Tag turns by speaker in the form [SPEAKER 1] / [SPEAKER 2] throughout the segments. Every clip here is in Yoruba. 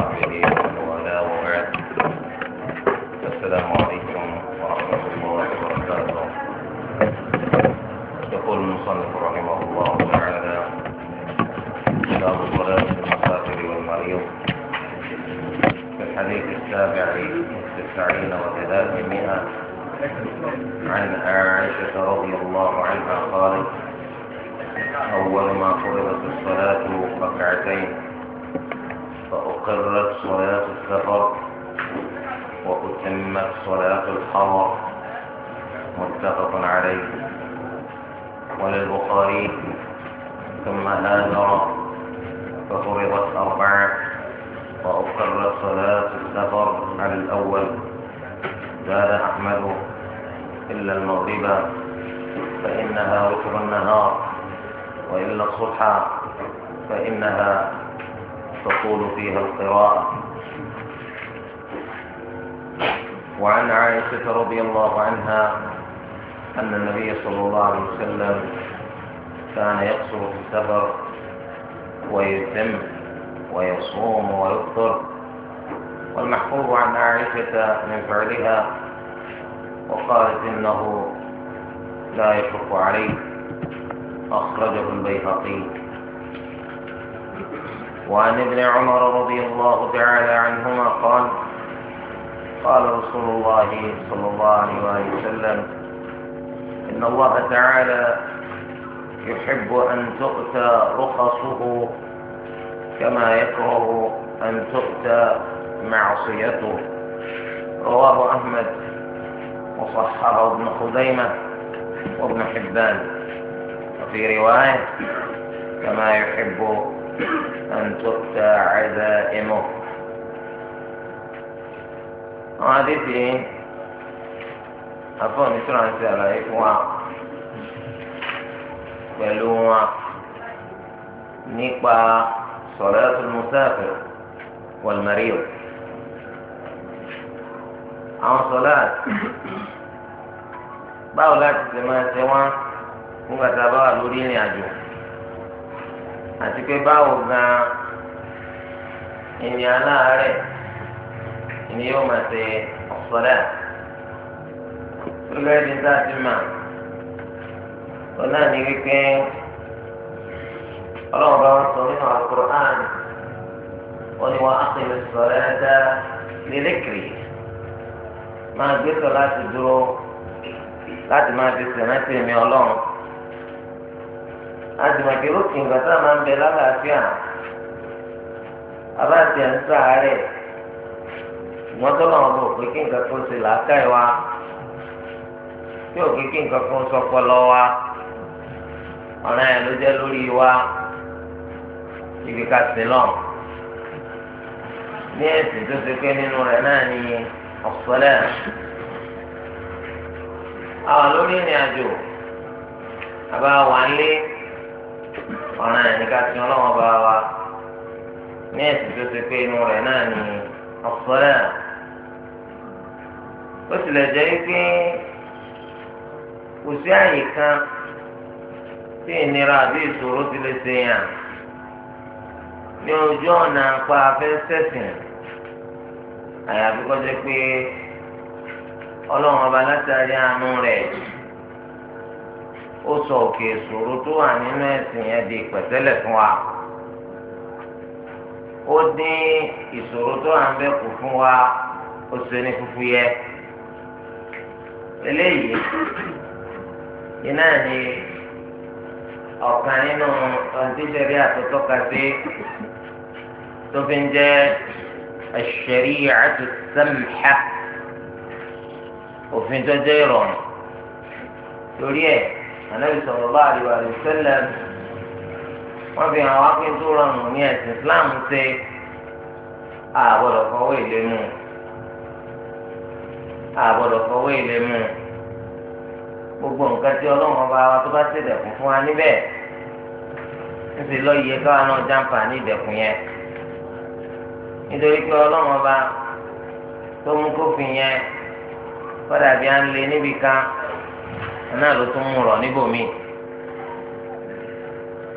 [SPEAKER 1] وصحبه وعلى وبعد
[SPEAKER 2] السلام عليكم ورحمة الله وبركاته يقول المصنف رحمه الله تعالى كتاب صلاة المسافر والمريض في الحديث السابع تسعين وثلاثمائة عن عائشة رضي الله عنها قالت أول ما فرضت الصلاة ركعتين تسمى صلاة القمر متفق عليه وللبخاري ثم هاجر ففرضت أربعة وأقرت صلاة السفر على الأول زاد أحمد إلا المغرب فإنها ركب النهار وإلا الصبح فإنها تطول فيها القراءة وعن عائشة رضي الله عنها أن النبي صلى الله عليه وسلم كان يقصر في السفر ويتم ويصوم ويفطر والمحفوظ عن عائشة من فعلها وقالت إنه لا يشق عليه أخرجه البيهقي وعن ابن عمر رضي الله تعالى عنهما قال قال رسول الله صلى الله عليه وسلم إن الله تعالى يحب أن تؤتى رخصه كما يكره أن تؤتى معصيته رواه أحمد وصححه ابن خزيمة وابن حبان وفي رواية كما يحب أن تؤتى عزائمه àwọn adébí àfọ̀nì tó rántí àlàyé fún wa pẹ̀lú wọn nípa salatul musafir wal marid àwọn sọ̀rọ̀ báwo láti ṣe máa ṣe wọ́n nígbà tá a lórí ìrìn àjò àti pé báwo gan-an ìrìn aláàárẹ̀ ni yóò máa ṣe ọ̀sọ́dà gbogbo ẹni tá a ti mà ó náà ní wípé ọlọ́run bá wọn sọ nínú Al-Qur'an ó ní wọn ápèlè sọ̀rọ̀ ẹ̀dá lélẹ́kìrì máa gbé sọ láti dúró láti máa fi sèrántì mi ọlọ́run àdìmọ̀kẹ́ lókè ìgbà tá a máa ń bẹ lálàáfíà abáàtì ẹ̀ ń sàárẹ̀ ṣùgbọ́n tó lọ́wọ́ bò pé kí nǹkan kan ṣe wa tí ò pé kí nǹkan kan sọpọlọ wa ọ̀ràn yẹn ló jẹ́ lórí wa ibi ká sí lọ. ní ẹ̀sìn tó ṣe pé nínú rẹ̀ náà ni ọ̀sọ́lẹ̀ àwọn lórí ìrìn àjò àbá wà ń lé ọ̀ràn yẹn ní ká sí ọlọ́wọ́n bá wa ní ẹ̀sìn tó ṣe pé inú rẹ̀ náà ni ọ̀sọ́lẹ̀ ó tilẹ̀ jẹ́ pé kò sí àyè kan tí ìnira àbí ìṣòro ti lè ṣe yàn ní ojú ọ̀nà apá afẹ́ sẹ̀sìn àyàfi kọjá pé ọlọ́run ọba látàrí àánú rẹ̀ ó sọ òkè ìṣòro tó wà nínú ẹ̀sìn yẹn di pẹ̀tẹ́lẹ̀ fún wa ó dín ìṣòro tó wà ń bẹ kù fún wa ó ṣe ní fúfú yẹ eléyìí iná ni ọ̀kan nínú ọ̀díṣẹ́rí àtọ́tọ́ka sí tó fi ń jẹ́ ẹ̀ṣẹ̀rí àtúnṣẹ́mìhá òfin tó jẹ́ ìrọ̀rùn torí ẹ̀ ànábì sọ̀rọ̀ bá àdìwà rẹ̀ sẹ́lẹ̀ wọ́n fi hàn wá pé tó rọrùn ní ẹ̀sìn Islam ṣe àgbọ̀dọ̀ fọwọ́ ìlénu àgbọ̀dọ̀ fọwọ́ ilẹ̀ mú gbogbo nǹkan tí ọlọ́run ọba wa tó bá ṣèdẹ̀kùn fún wa níbẹ̀ ń sì lọ yẹ káwa náà jàǹfà ní ìdẹ̀kùn yẹn nítorí pé ọlọ́run ọba tó mú kófin yẹn kọ́dà bí a ń lé níbi kan náà ló tún mú rọ̀ níbòmíì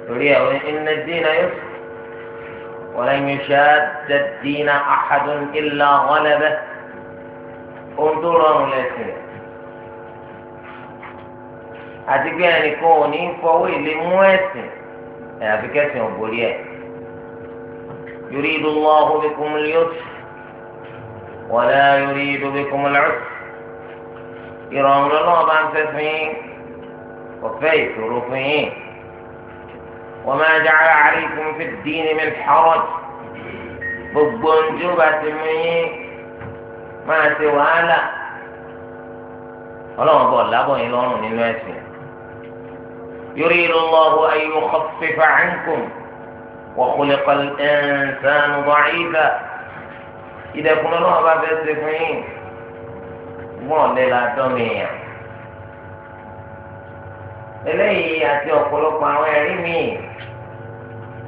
[SPEAKER 2] torí ẹ̀ iná dínà yóò wọ́n lẹ́yìn ṣáà dínà àhàdùn ìlà ọ̀lẹ́bẹ̀ẹ́ ohun tó rọrùn lẹ́sìn àti pé ẹnìkan ò ní fọwọ́ ìlé mú ẹ̀sìn àyàfi kẹ́sìn ògbórí ẹ̀ yuridu Allahu bikumul yusra wa la yuridu bikumul usra ìrọ̀rùn lọ́wọ́ bá ń fẹ́ fún yín ọ̀fẹ́ ìṣòro fún yín wa ma ja'ala alaykum fid dini min haraj gbogbo ojú bá ti mú yín máa ṣe wàhálà ọlọ́wọ́n bọ̀ lábọ̀ yín lọ́rùn nínú ẹ̀sìn. yuridu Allahu an yukhaffifa ankum wa khuliqa al-insanu da'ifa. ìdẹ̀kùn lọ́wọ́ bá fẹ́ ṣe fún yín wọ́n lé la dọ́mìyàn. eléyìí àti ọ̀pọ̀lọpọ̀ àwọn ẹ̀rí míì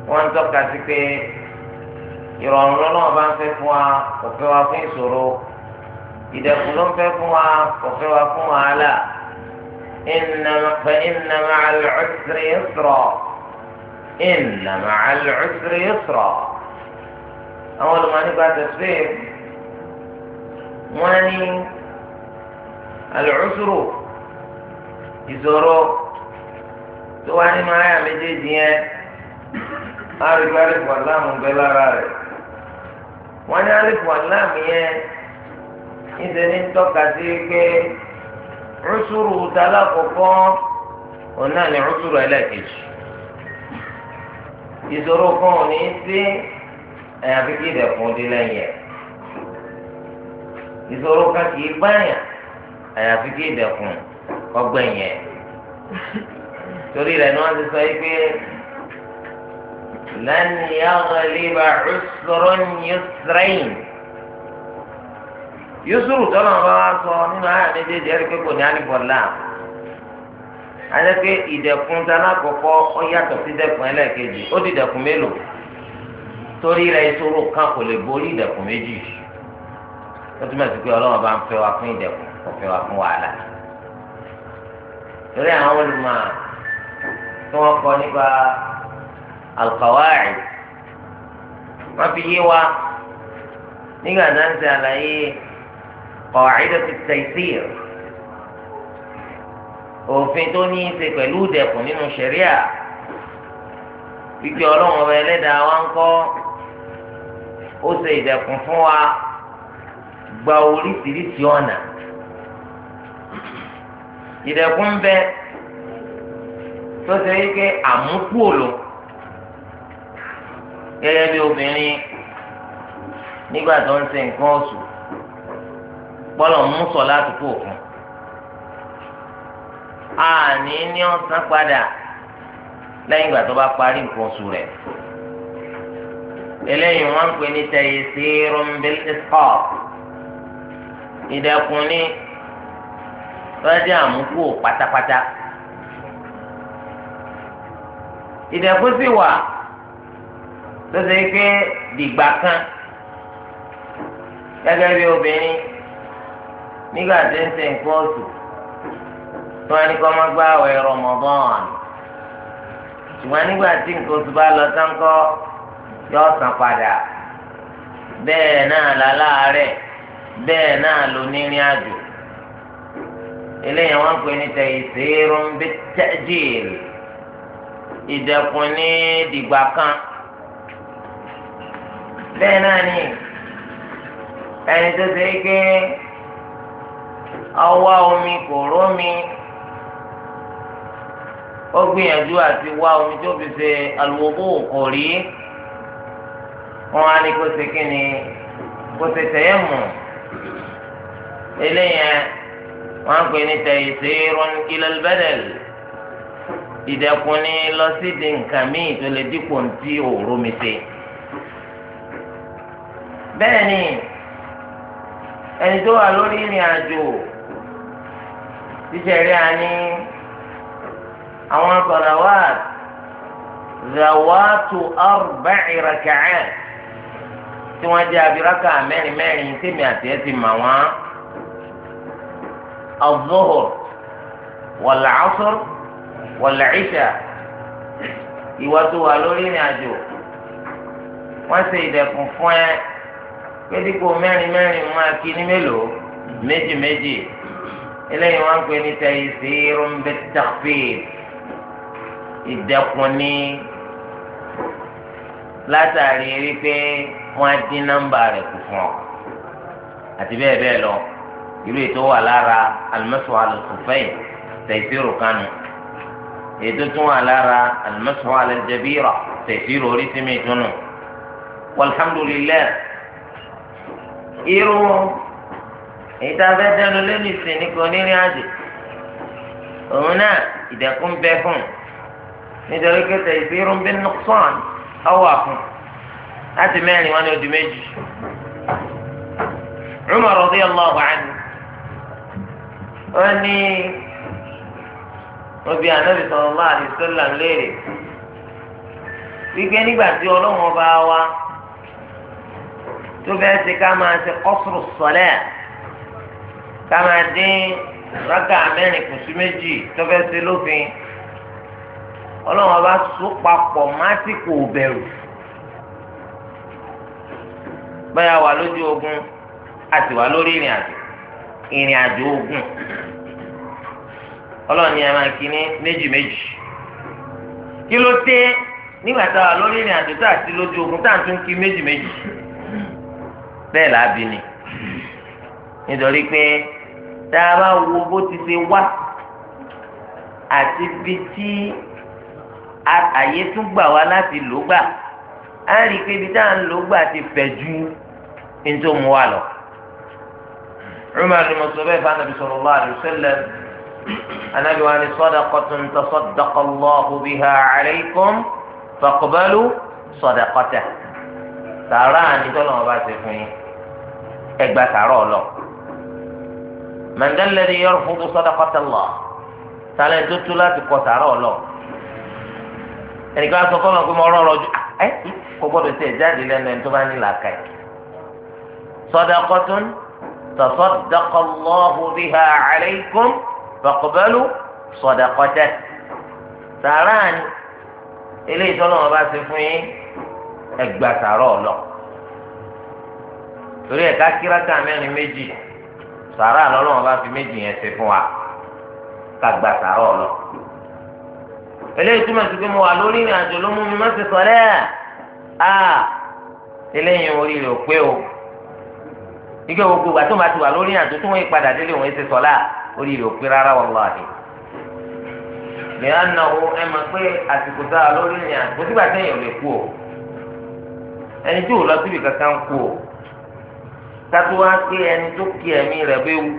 [SPEAKER 2] wọ́n ń tọ́ka sí pé ìrọ̀rùn lọ́wọ́ bá ń fẹ́ fún wa kò fẹ́ wa fún ìṣòro ìdẹ̀kùn ló ń fẹ́ fún wa kò fẹ́ wa fún wàhálà inna ma'al usri yusra inna ma'al usri yusra àwọn olùmọ̀ọ́nì gba tẹ̀síwì wọ́n ní al-usru ìṣòro tó wá nínú àyà méjèèjì yẹn arìgbárí wàlámù ń bẹ lára rẹ̀ wọ́n ní arìgbárí wàlámù yẹn níṣẹ́ ní tọ́ka sí pé rúṣùrù tala kọ̀kọ́ òun náà ní rúṣùrù ẹlẹ́ẹ̀kejì ìṣòro kan ò ní sí àyàfi kí ìdẹ̀kùn dín lẹ́yìn ẹ̀ ìṣòro kan kì í báyà àyàfi kí ìdẹ̀kùn ọgbẹ̀yìn ẹ̀ torí rẹ̀ ni wọ́n ti sọ yìí pé. لن يغلب عسر يسرين yusufu tọ́lọ̀ ń bá wa sọ nínú ayé àdédé ìdí ẹ̀rí pé kò ní alìbọ̀lá ayẹ́pẹ́ ìdẹ̀kùn dáná kọ̀kọ́ ọ yàtọ̀ sí dẹ̀kùn ẹlẹ́ẹ̀kejì ó di dẹ̀kùn mélòó torí rẹ̀ ìṣòro kan kò lè borí ìdẹ̀kùn méjì ó túmọ̀ sí pé ọlọ́run bá ń fẹ́ wa fún ìdẹ̀kùn kò fẹ́ wa fún wàhálà torí àwọn olùmọ̀ tí wọ́n kọ́ nípa alqawaid wọ́n fi yé wa nígbà náà ń ṣe àlàyé. قاعدة التيسير òfin tó ní í ṣe pẹ̀lú ìdẹ̀kùn nínú ṣẹ̀ríà ìgbẹ́ ọlọ́run ọba ẹlẹ́dàá wa ń kọ́ ó ṣe ìdẹ̀kùn fún wa gba oríṣiríṣi ọ̀nà ìdẹ̀kùn ń bẹ tó ṣe wípé àmúkúòlò gẹ́gẹ́ bí obìnrin nígbà tó ń ṣe nǹkan oṣù bọ́lọ̀ ń mú sọ láti kó òfin àní ní ọ̀sán padà lẹ́yìn ìgbà tó bá parí nǹkan oṣù rẹ̀ eléyìí wọ́n ń pè ní tẹ̀yẹ sí rumbil isqaf ìdẹ̀kùn ní tọ́jú àmúkú pátápátá ìdẹ̀kùn sì wà tó ṣe pé dìgbà kan gẹ́gẹ́ bí obìnrin nígbà tí ń ṣe nǹkan oṣù tí wọ́n ní kó máa gba àwẹ̀ Ramadan ṣùgbọ́n nígbà tí nǹkan oṣù bá lọ tán kọ́ yọ san padà bẹ́ẹ̀ náà làlàárẹ̀ bẹ́ẹ̀ náà ló nírìn àjò eléyìí wọ́n pè ní taysirun bit-ta'jil ìdẹ̀kùn ní dìgbà kan bẹ́ẹ̀ náà ni ẹni tó ṣe é pé àwa omi kò rómi ó gbìyànjú àti wá omi tó fi ṣe àlùwòbó kò rí wọn á ní kó ṣe kí ni kó ṣe tẹ̀yẹ̀ mọ̀ eléyẹn wọn á pè ní tẹ̀yẹ̀ sí rọ́nkìlẹ̀ bẹ́dẹ̀lì ìdẹ̀kùn ni lọ sí di nǹkan míì tó lè dípò ntí òru mi ṣe. bẹ́ẹ̀ ni ẹni tó wà lórí ìrìn àjò tíṣẹ̀rí àní àwọn salawat zawatu arba'i raka'at tí wọ́n jẹ́ abiraka mẹ́rin mẹ́rin tèmi àti ẹ̀ ti mà wọ́n az-zuhur wal-asr wal-isha ìwà tó wà lórí ìrìn àjò wọ́n ṣe ìdẹ̀kùn fún ẹ pé dípò mẹ́rin mẹ́rin wọn kí mélòó méjì méjì eléyìí wọ́n ń pè ní taysirun bit-takhfif ìdẹ́kun ní látàrí wípé wọ́n á dín nọ́mbà rẹ̀ kù fún ọ àti bẹ́ẹ̀ bẹ́ẹ̀ lọ irú ètò wà lára al-mashu ala al-khuffayn taysiru kanu ètò tún wà lára al-mashu ala al sí mi tunu walhamdulillah irú. èyí tá a dẹnu lé aji ní kò ní rìn òun náà ìdẹ̀kùn bẹ fún nítorí kẹsẹ̀ ìṣirún bí nùsọ̀n ọwọ́ àfún láti mẹ́rin wọn ni ó di méjì. Umar radiyallahu anhu ní obi anabi sallallahu alaihi nígbà tí ọlọ́wọ́n bá wa tó fẹ́ ṣe ká máa ṣe ká máa dín rákà mẹ́rin kù méjì tó fẹ́ ṣe lófin ọlọ́run ọba sún papọ̀ másìkò bẹ̀rù ogun àti wà lórí àjò ogun ọlọ́run ni máa ní méjì kí ló dé nígbà tá a wà lórí ìrìn àjò tá a ti lójú ogun tá a tún kí méjì méjì bẹ́ẹ̀ làá bí ni tá a bá wo bó ti ṣe wá àti bí tí àyè tún gbà wá láti lò gbà á rí i pé ibi tá à ń lò gbà ti fẹ̀ ju nítorí òun wà lọ. Umar ni mo sọ bẹ́ẹ̀ fún anabi sallallahu alaihi wasallam anabi wa ni sadaqatun tasaddaqa Allahu biha alaykum faqbalu sadaqatahu. sàrà ni tọ́lọ́mọba ti fún yín ẹgbà sàrà ọlọ́ọ̀ man dhal ladhi yarfudu sadaqata Allah tààlẹ̀ tó tó láti kọ sàárà ọ̀lọ́ ẹnìkan sọ fọlọ́n pé mo rọrọ ju ẹ kò gbọdọ̀ tẹ̀ jáde lẹ́nu ẹni tó bá ní làákà yìí sadaqatun tasaddaqa Allahu biha alaykum faqbalu sadaqata sàárà ni eléyìí tọ́lọ́wọ́n bá ṣe fún yín ẹgbà sàárà ọ̀lọ́ torí ẹ̀ka kíráka mẹ́rin méjì sàrà lọ́lọ́run bá fi méjì yẹn ṣe fún wa ká gba sàrà ọ̀lọ́. eléyìí túmọ̀ sí pé mo wà lórí ìrìn àjò ló mú mi má ti sọ lẹ́ẹ̀ à eléyìí orí rẹ̀ ò pé o ike gbogbo ìgbà tó ma ti wà lórí ìrìn àjò tó wọ́n padà délé òun ṣe sọ́lá orí rẹ̀ ò pé rárá wallahi. lẹ́yìn náà ẹ mọ̀ pé àsìkò tá a lórí ìrìn àjò kò sígbà tẹ́yìn ò lè kú o ẹni tí ò lọ síbi kankan kú o kátó wá pé ẹni tó kí ẹ̀mí rẹ̀ bẹ́ẹ̀ wú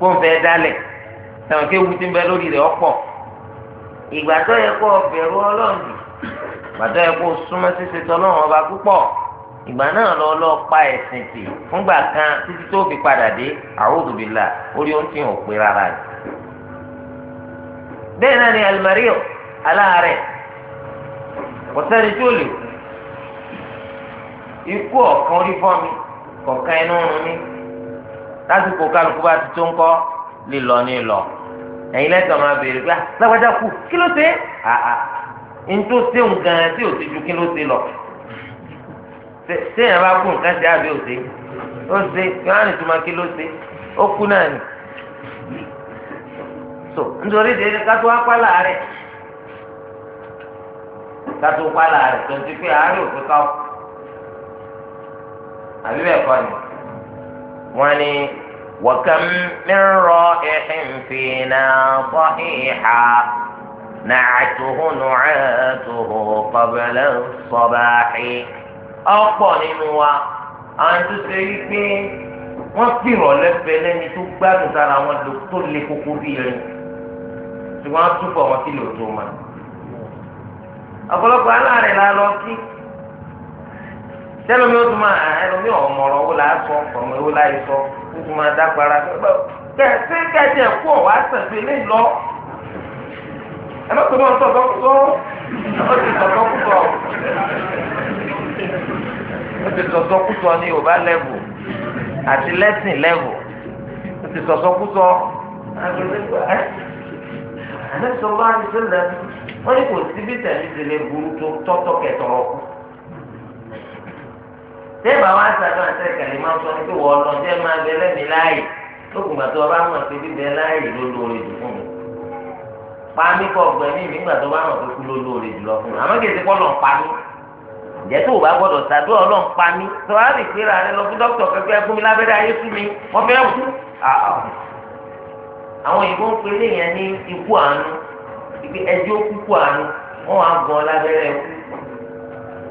[SPEAKER 2] kó n fẹ́ dálẹ̀ tàwọn kéwu ti ń bẹ lórí rẹ̀ ọ̀pọ̀ ìgbà tó yẹ kó bẹ̀rù ọlọ́run jù ìgbà tó yẹ kó súnmọ́ ṣíṣe tọ́lọ́run ọba púpọ̀ ìgbà náà lọ lọ pa ẹ̀sìn tì fúngbà kan títí tó fi padà dé a'udhu billah orí ohun tí ò pé rárá rẹ̀ bẹ́ẹ̀ náà ni alimario aláàárẹ̀ kò sẹ́ni tó lè ikú ọ̀kan orí fọ́ mi kọ̀ọ̀kan inú ọ̀run ní lásìkò kálukú bá ti tó ń kọ́ lílọ ní lọ ẹ̀yin lẹ́tọ̀ máa béèrè pé ah, lágbájá kù kí ló ṣe àà ah, ah, ntó séun gan tí ò ti ju kí ló ṣe lọ séèyàn bá kú nǹkan ṣe àbí ò ṣe ó ṣe yohane tuma kí ló ṣe ó kú náà ni so nítorí dèrè kátó apá láàárẹ̀ kátó apá láàárẹ̀ tó ń ti pé àárẹ̀ òfin ká kú àbí bẹ́ẹ̀ kọ́ ni wọ́n ní wọ́kàn mìíràn ẹ̀hìn fìnnà sọ́hìhà nàcàtuhu nùcàtuhu kọ̀bẹ̀lẹ̀ sọ̀bàáxì. ọ̀pọ̀ nínú wa àwọn tó ṣe yí pé wọ́n pìrọ̀ lẹ́fẹ̀ẹ́ lẹ́ni tó gbádùn sára wọn tó le koko bí irin ṣùgbọ́n túbọ̀ wọn kí lè tó ma. ọ̀pọ̀lọpọ̀ aláàrẹ̀ la lọ kí tẹlomi o tún máa ẹlòmí ọmọrọ wo la sọ ọmọ wo la yìí sọ o tún máa dágbára kẹsí kẹsí ẹkú ọwọ àtẹsí lè lọ ẹ má pè mọ ntọ tọkùtọ ọ ti tọ tọkùtọ ó ti sọ̀sọ́kúsọ ní yorùbá lẹ́vù àti lẹ́sìn lẹ́vù ó ti sọ̀sọ́kúsọ. àlẹ́ sọ bá ní sílẹ̀ wọ́n ní kò síbi tẹ̀lé ti lè burú tó tọ́tọ́ kẹtọ̀rọ̀ kú tẹ́ẹ̀bà wá sàdúrà tẹ́ kàlí máa sọ ní pé wọ́n lọ tẹ́ máa bẹ lẹ́mìí láàyè lókùn gbà tó o bá mọ̀ pé bíbẹ láàyè ló lóore jù fún mi. pàmí kọ ọgbẹ́ni mi gbà tó o bá mọ̀ pé kú ló lóore jù lọ fún mi àmọ́ kì í ti kọ́ lọ́n pa mí. ǹjẹ́ tó o bá gbọ́dọ̀ sàdúrà ọlọ́n pa mí tó o bá rí ìpera rẹ lọ fún dókítà kẹkẹ fún mi lábẹ́rẹ́ ayé fún mi wọ́n fẹ́ wù. àwọn òyìnbó ń pèlè yẹn ní ikú àánú ẹjọ́ kúkú àánú wọ́n wá gan lábẹ́rẹ́ ikú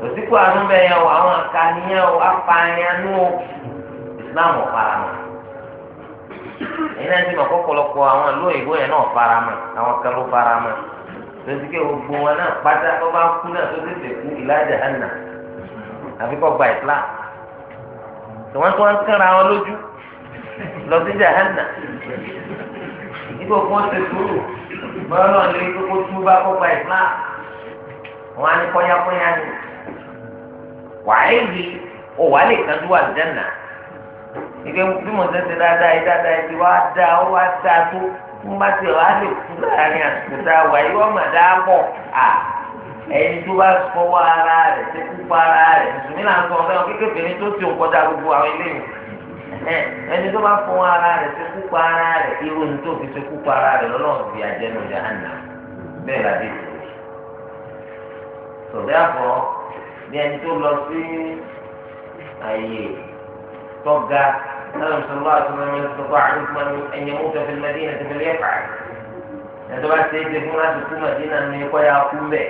[SPEAKER 2] òsìkò àánú bẹ yẹn o àwọn àkànìyàn o apààyàn o islam ò fara mọ́ èyí náà ti mọ kọkọlọpọ àwọn ìlú òyìnbó yẹn náà fara mọ́ àwọn kan ló fara mọ́ lọsí pé gbogbo wọn náà pátá tó bá kú náà tó tètè kú ìlàjà hànà àfi kọ gba ìfla tí wọn tó ń kára wọn lójú lọ sí jahanna nígbà kó ti kúrò bọ́ọ̀lù ọ̀nà ìgbà kó túbà kó gba ìfla wọn á ní kọ́nyákọ́nyá ni. wàáyé ọ̀wá lè kanjú wà jẹ́nà ìgbẹ́ bí mo dáadáa yìí dáadáa yìí wá dá ó wá wa tó ń bá ti lè kú láàrin tá a wà yìí wọ́n mà dá à ẹni tó bá ara rẹ̀ tó kú ara rẹ̀ mùsùlùmí là sọ ọ̀gá wọn kékeré ní tó ti òǹkọ́jà gbogbo àwọn eléyìí ẹni tó bá fọwọ́ ara rẹ̀ tó kú ara rẹ̀ fi tó kú ara rẹ̀ lọ́lọ́run bí ẹni tó lọ sí àyè tọ́ga náà sọ̀rọ̀ àtúnmọ̀ mi lọ́sọ̀kọ̀ àdúgbò mi ẹ̀yẹ mú fẹ́fẹ́ mẹ́dínà tó fẹ́lẹ́ fà ẹ̀tọ́ bá ṣe é ṣe fún láti kú mẹ́dínà ní kọ́ ya kú mbẹ̀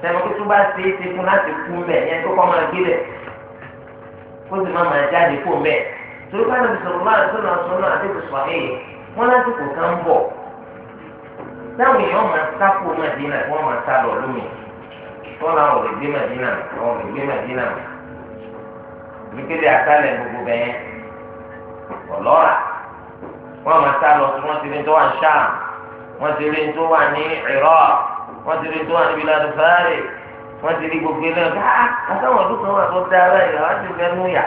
[SPEAKER 2] sẹ́mi tó tún bá ṣe é ṣe fún láti kú mbẹ̀ yẹn tó kọ́ máa gbélẹ̀ kó sì máa máa jáde kó mbẹ̀ torí ká lóbi sọ̀rọ̀ máa tó náà sọ̀rọ̀ àti ìbùsùn àyè wọn láti wọn làwọn ò lè gbé màdínà àwọn ò lè gbé màdínà nígbèdè àtàlẹ̀ gbogbo bẹ́ẹ̀ ọlọ́ra wọn máa sá lọ sí wọn ti rí tó wà ní sáà wọn ti rí tó wà ní Iraq wọn ti rí tó wà ní biladu fáre wọn ti rí gbogbo ilé ọgá ah, àtàwọn ọdún kan wà tó dára yìí àwọn ti fẹ́ nú yà.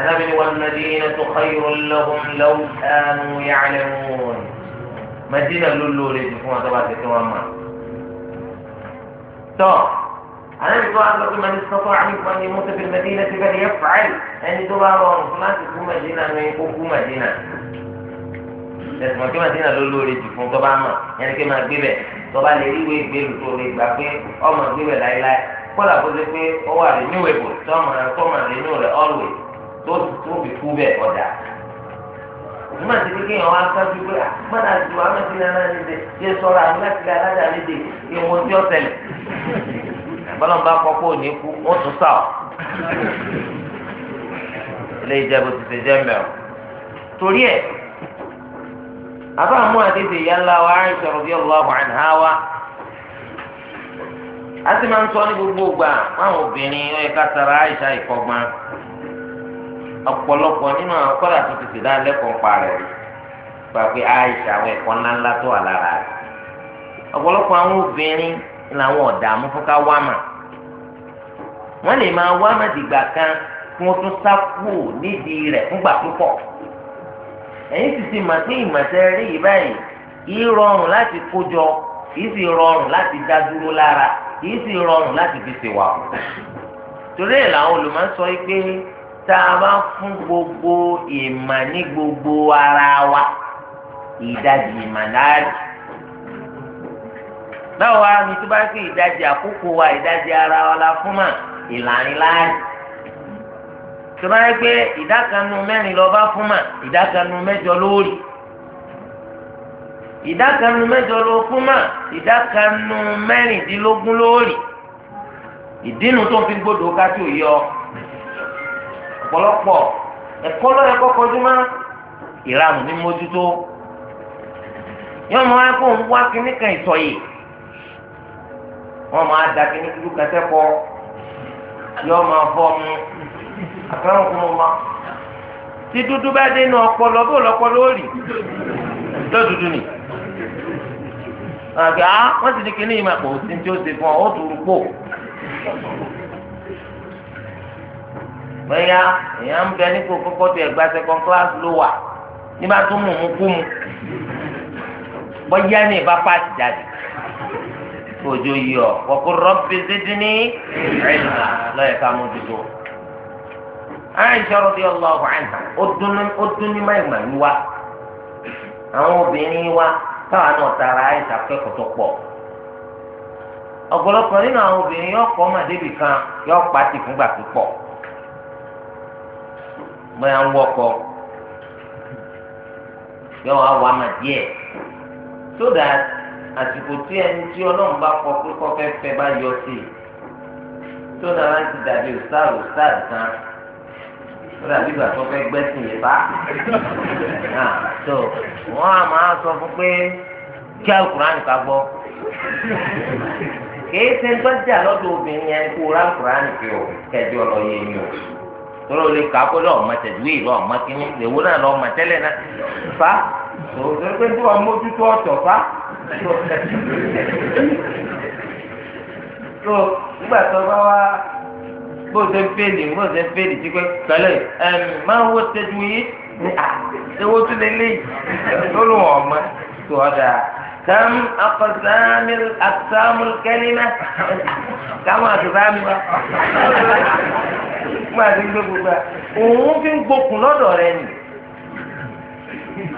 [SPEAKER 2] النبي والمدينة خير لهم لو كانوا يعلمون مدينة لولو لجفوة تبعت كمان أنا àwọn أن àwọn ọ̀gbìn máa ń sọ fún àmì kan ní mọ́tòfin mẹ́dínà ti bẹ́ẹ̀ yẹn fàáyì ẹni tó bá rọrùn fún láti kú mẹ́dínà ní kó kú mẹ́dínà ẹ̀sùn kí mẹ́dínà ló lóore jù fún tọ́ba mọ̀ ẹni kí máa gbé bẹ̀ tọ́ba lè ríwé ìgbélú tó lè gbà pé ọmọ gbé bẹ̀ láéláé kọ́lá kó ṣe pé ó wà lè níwèé bò tọ́mọ tọ́mọ lè níwèé rẹ̀ ọ̀lùwẹ̀ tó tó fi kú bẹ̀ ọ̀dà ìmọ̀ àti kékeré yẹn wá sáájú pé ah, àgbàdo àti wàhálà ti náà náà léde yẹ sọ́ra àmì láti lé alájà léde ìwọ̀n tí ó tẹ̀lé bọ́lọ́mù bá kọ́ pé òní kú wọ́n tún sà ọ́ ilé ìjẹ́bù ti ṣe jẹ́ mẹ́ọ̀ torí ẹ̀ àbámu àdéhùn ìyá ńlá wa Aisha radiyallahu anha wa a ti máa ń sọ ní gbogbo gbà fáwọn obìnrin ó yẹ ká tara ìkọgbọ́n ọ̀pọ̀lọpọ̀ nínú àwọn kọ́lá tó ti lẹ́kọ̀ọ́ àwọn ẹ̀kọ́ ńláńlá tó wà lára rẹ̀ ọ̀pọ̀lọpọ̀ àwọn làwọn ọ̀dààmú fún ká wá mà wọ́n lè máa wá mà dìgbà kan kí wọ́n tún sá kúrò nídìí rẹ̀ fúngbà púpọ̀ ẹ̀yin sì ti mà pé ìmọ̀tẹ́ rí yìí báyìí kìí rọrùn láti kójọ kìí sì rọrùn láti dá dúró lára kìí sì rọrùn láti fi ṣèwà torí ẹ̀ làwọn olùmọ̀ sọ pé tá a bá fún gbogbo ìmọ̀ ní gbogbo ara wa ìdajì ìmọ̀ láàrin. báwa ni tó bá fi ìdajì àkókò wa ìdajì ara wa la fún mà ìlànà láàyè tó bá yẹ pé ìdákanu mẹ́rin lọ bá fún mà ìdákanu mẹ́jọ lórí ìdákanu mẹ́jọ ló fún mà ìdákanu mẹ́rìndínlógún lórí ìdínú tó ń fi gbọ́dọ̀ ká yọ ọ̀pọ̀lọpọ̀ ẹ̀kọ́ lọ́yẹ ìranù ní mójútó wọ́n máa da kíní kúrú kẹsẹ́kọ̀ yọ máa bọ́ mu àtàwọn kò mọ. tí dúdú bá dé inú ọpọlọ bó lọpọlọ ó rì lọ́dúdú ni. àgbà ah, wọ́n ti ní kíní ìmọ̀ àpò òsín tí ó ṣe fún ọ ó dùrú pò. bẹ́ẹ̀ èèyàn ń bẹ nípò kọ́kọ́ tó ẹ̀gbá sẹ́kọ̀n kíláàsì ló wà ní bá tún mú mú kú mu. bọ́yá ni ìbá pàṣẹ jáde òjò yọ wọ́kú rọ́bì zidni ilma lọ́yẹ̀ ká mú dúdú. Aisha radiyallahu anha ó dún ní máìmá yìí wá àwọn obìnrin wa táwọn náà tara Aisha kẹ́kọ̀ọ́ tó pọ̀ ọ̀pọ̀lọpọ̀ nínú àwọn obìnrin yóò kọ́ màdébì kan yóò pàtì fúngbà púpọ̀ bóyá ń wọkọ̀ yóò wá wà má díẹ̀ so that. àsìkò tí ẹni tí ọlọ́run bá kọ pé fẹ́ bá yọ sí i tó náà ti dàbí òsáà òsáà tán ó dàbí ìgbà tó fẹ́ gbẹ́sìn yìí bá tó wọ́n á máa sọ fún pé kí alukurani ká gbọ́ kìí ṣe ń tọ́jà lọ́dọ̀ obìnrin yẹn kó ra fi ò kẹjọ lọ yẹ yín o tọ́lọ́ lè kà á pé tẹ̀dúwì fa tòun tó pé tí wọ́n fa. tó nígbà tó bá wá bó ṣe ń fèlè bó ṣe ń fèlè sí pé pẹ̀lẹ́ máa ń wo tẹ́jú yìí ní à ewo tún lè léyìí tó lù wọ́n mọ́ tó ọ̀dà kam akọsámil akọsámil kẹlímẹ kàmú akọsámi wa gbà tí gbé gbogbo à òun fi ń gbókun lọ́dọ̀ rẹ nì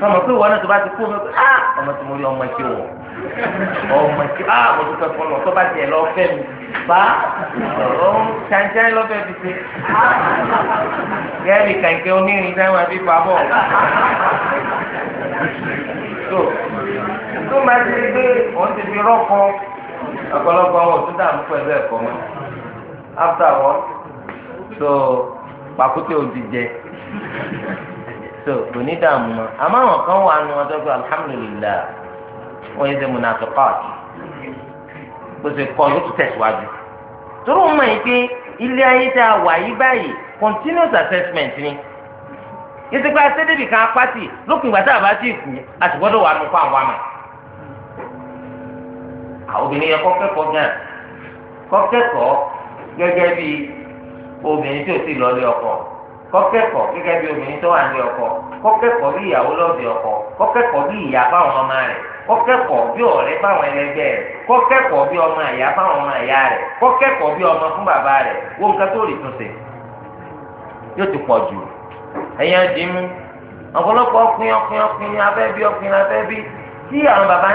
[SPEAKER 2] ọmọ pé wọn náà tó bá ti kú ọmọ pé ọmọ tó mo rí ọmọ ẹkẹ wọ ọmọ tí ah, mo ti sọ fọlọ tó bá tiẹ̀ lọ fẹ́ mi bá ọ̀hún ṣàǹṣàǹ lọ́fẹ́ fi ṣe gẹ́rì kàǹkẹ́ onírin sáwọn àbí pàbọ̀
[SPEAKER 1] tó tó máa ti gbé òun ti
[SPEAKER 2] fi rọ́kọ ọ̀pọ̀lọpọ̀ àwọn òtún dààmú pẹ̀lú ẹ̀kọ́ mọ́ after all so pàkúté òun ti jẹ so kò ní dààmú mọ́ àmọ́ àwọn kan wà nù ọjọ́ pé alihamudulilayi. wọ́n yẹ ṣe munafikọ́ọ̀tì bó ṣe kọ́ yóò tún tẹ̀síwájú torí wọn mọ̀ yìí pé ilé ayé tá a wà yìí continuous assessment ni ìsìnkú asẹ́dẹ́bì kan apáti lókun ìgbà tá a bá ti kú a wà nù fún àwọn àmà àwọn obìnrin yẹ kọ́kẹ́kọ̀ọ́ gan kọ́kẹ́kọ̀ọ́ gẹ́gẹ́ bí obìnrin tí ò lọ ọkọ gẹ́gẹ́ bí obìnrin tó ọkọ kọ́kẹ́kọ̀ọ́ bí ìyàwó lọ́ọ̀dì ọkọ kọ́kẹ́kọ̀ọ́ bí ìyá báwọn ọmọ rẹ̀ kọ́kẹ́kọ̀ọ́ bí ọ̀rẹ́ báwọn ẹlẹgbẹ́ rẹ̀ kọ́kẹ́kọ̀ọ́ bí ọmọ ìyá bi ọmọ ìyá rẹ̀ kọ́kẹ́kọ̀ọ́ bí ọmọ fún bàbá rẹ̀ wọ́n nǹkan tó rí túnṣe yóò ti pọ̀ jù ọ̀pọ̀lọpọ̀ ọkùnrin ọkùnrin ọkùnrin tí àwọn bàbá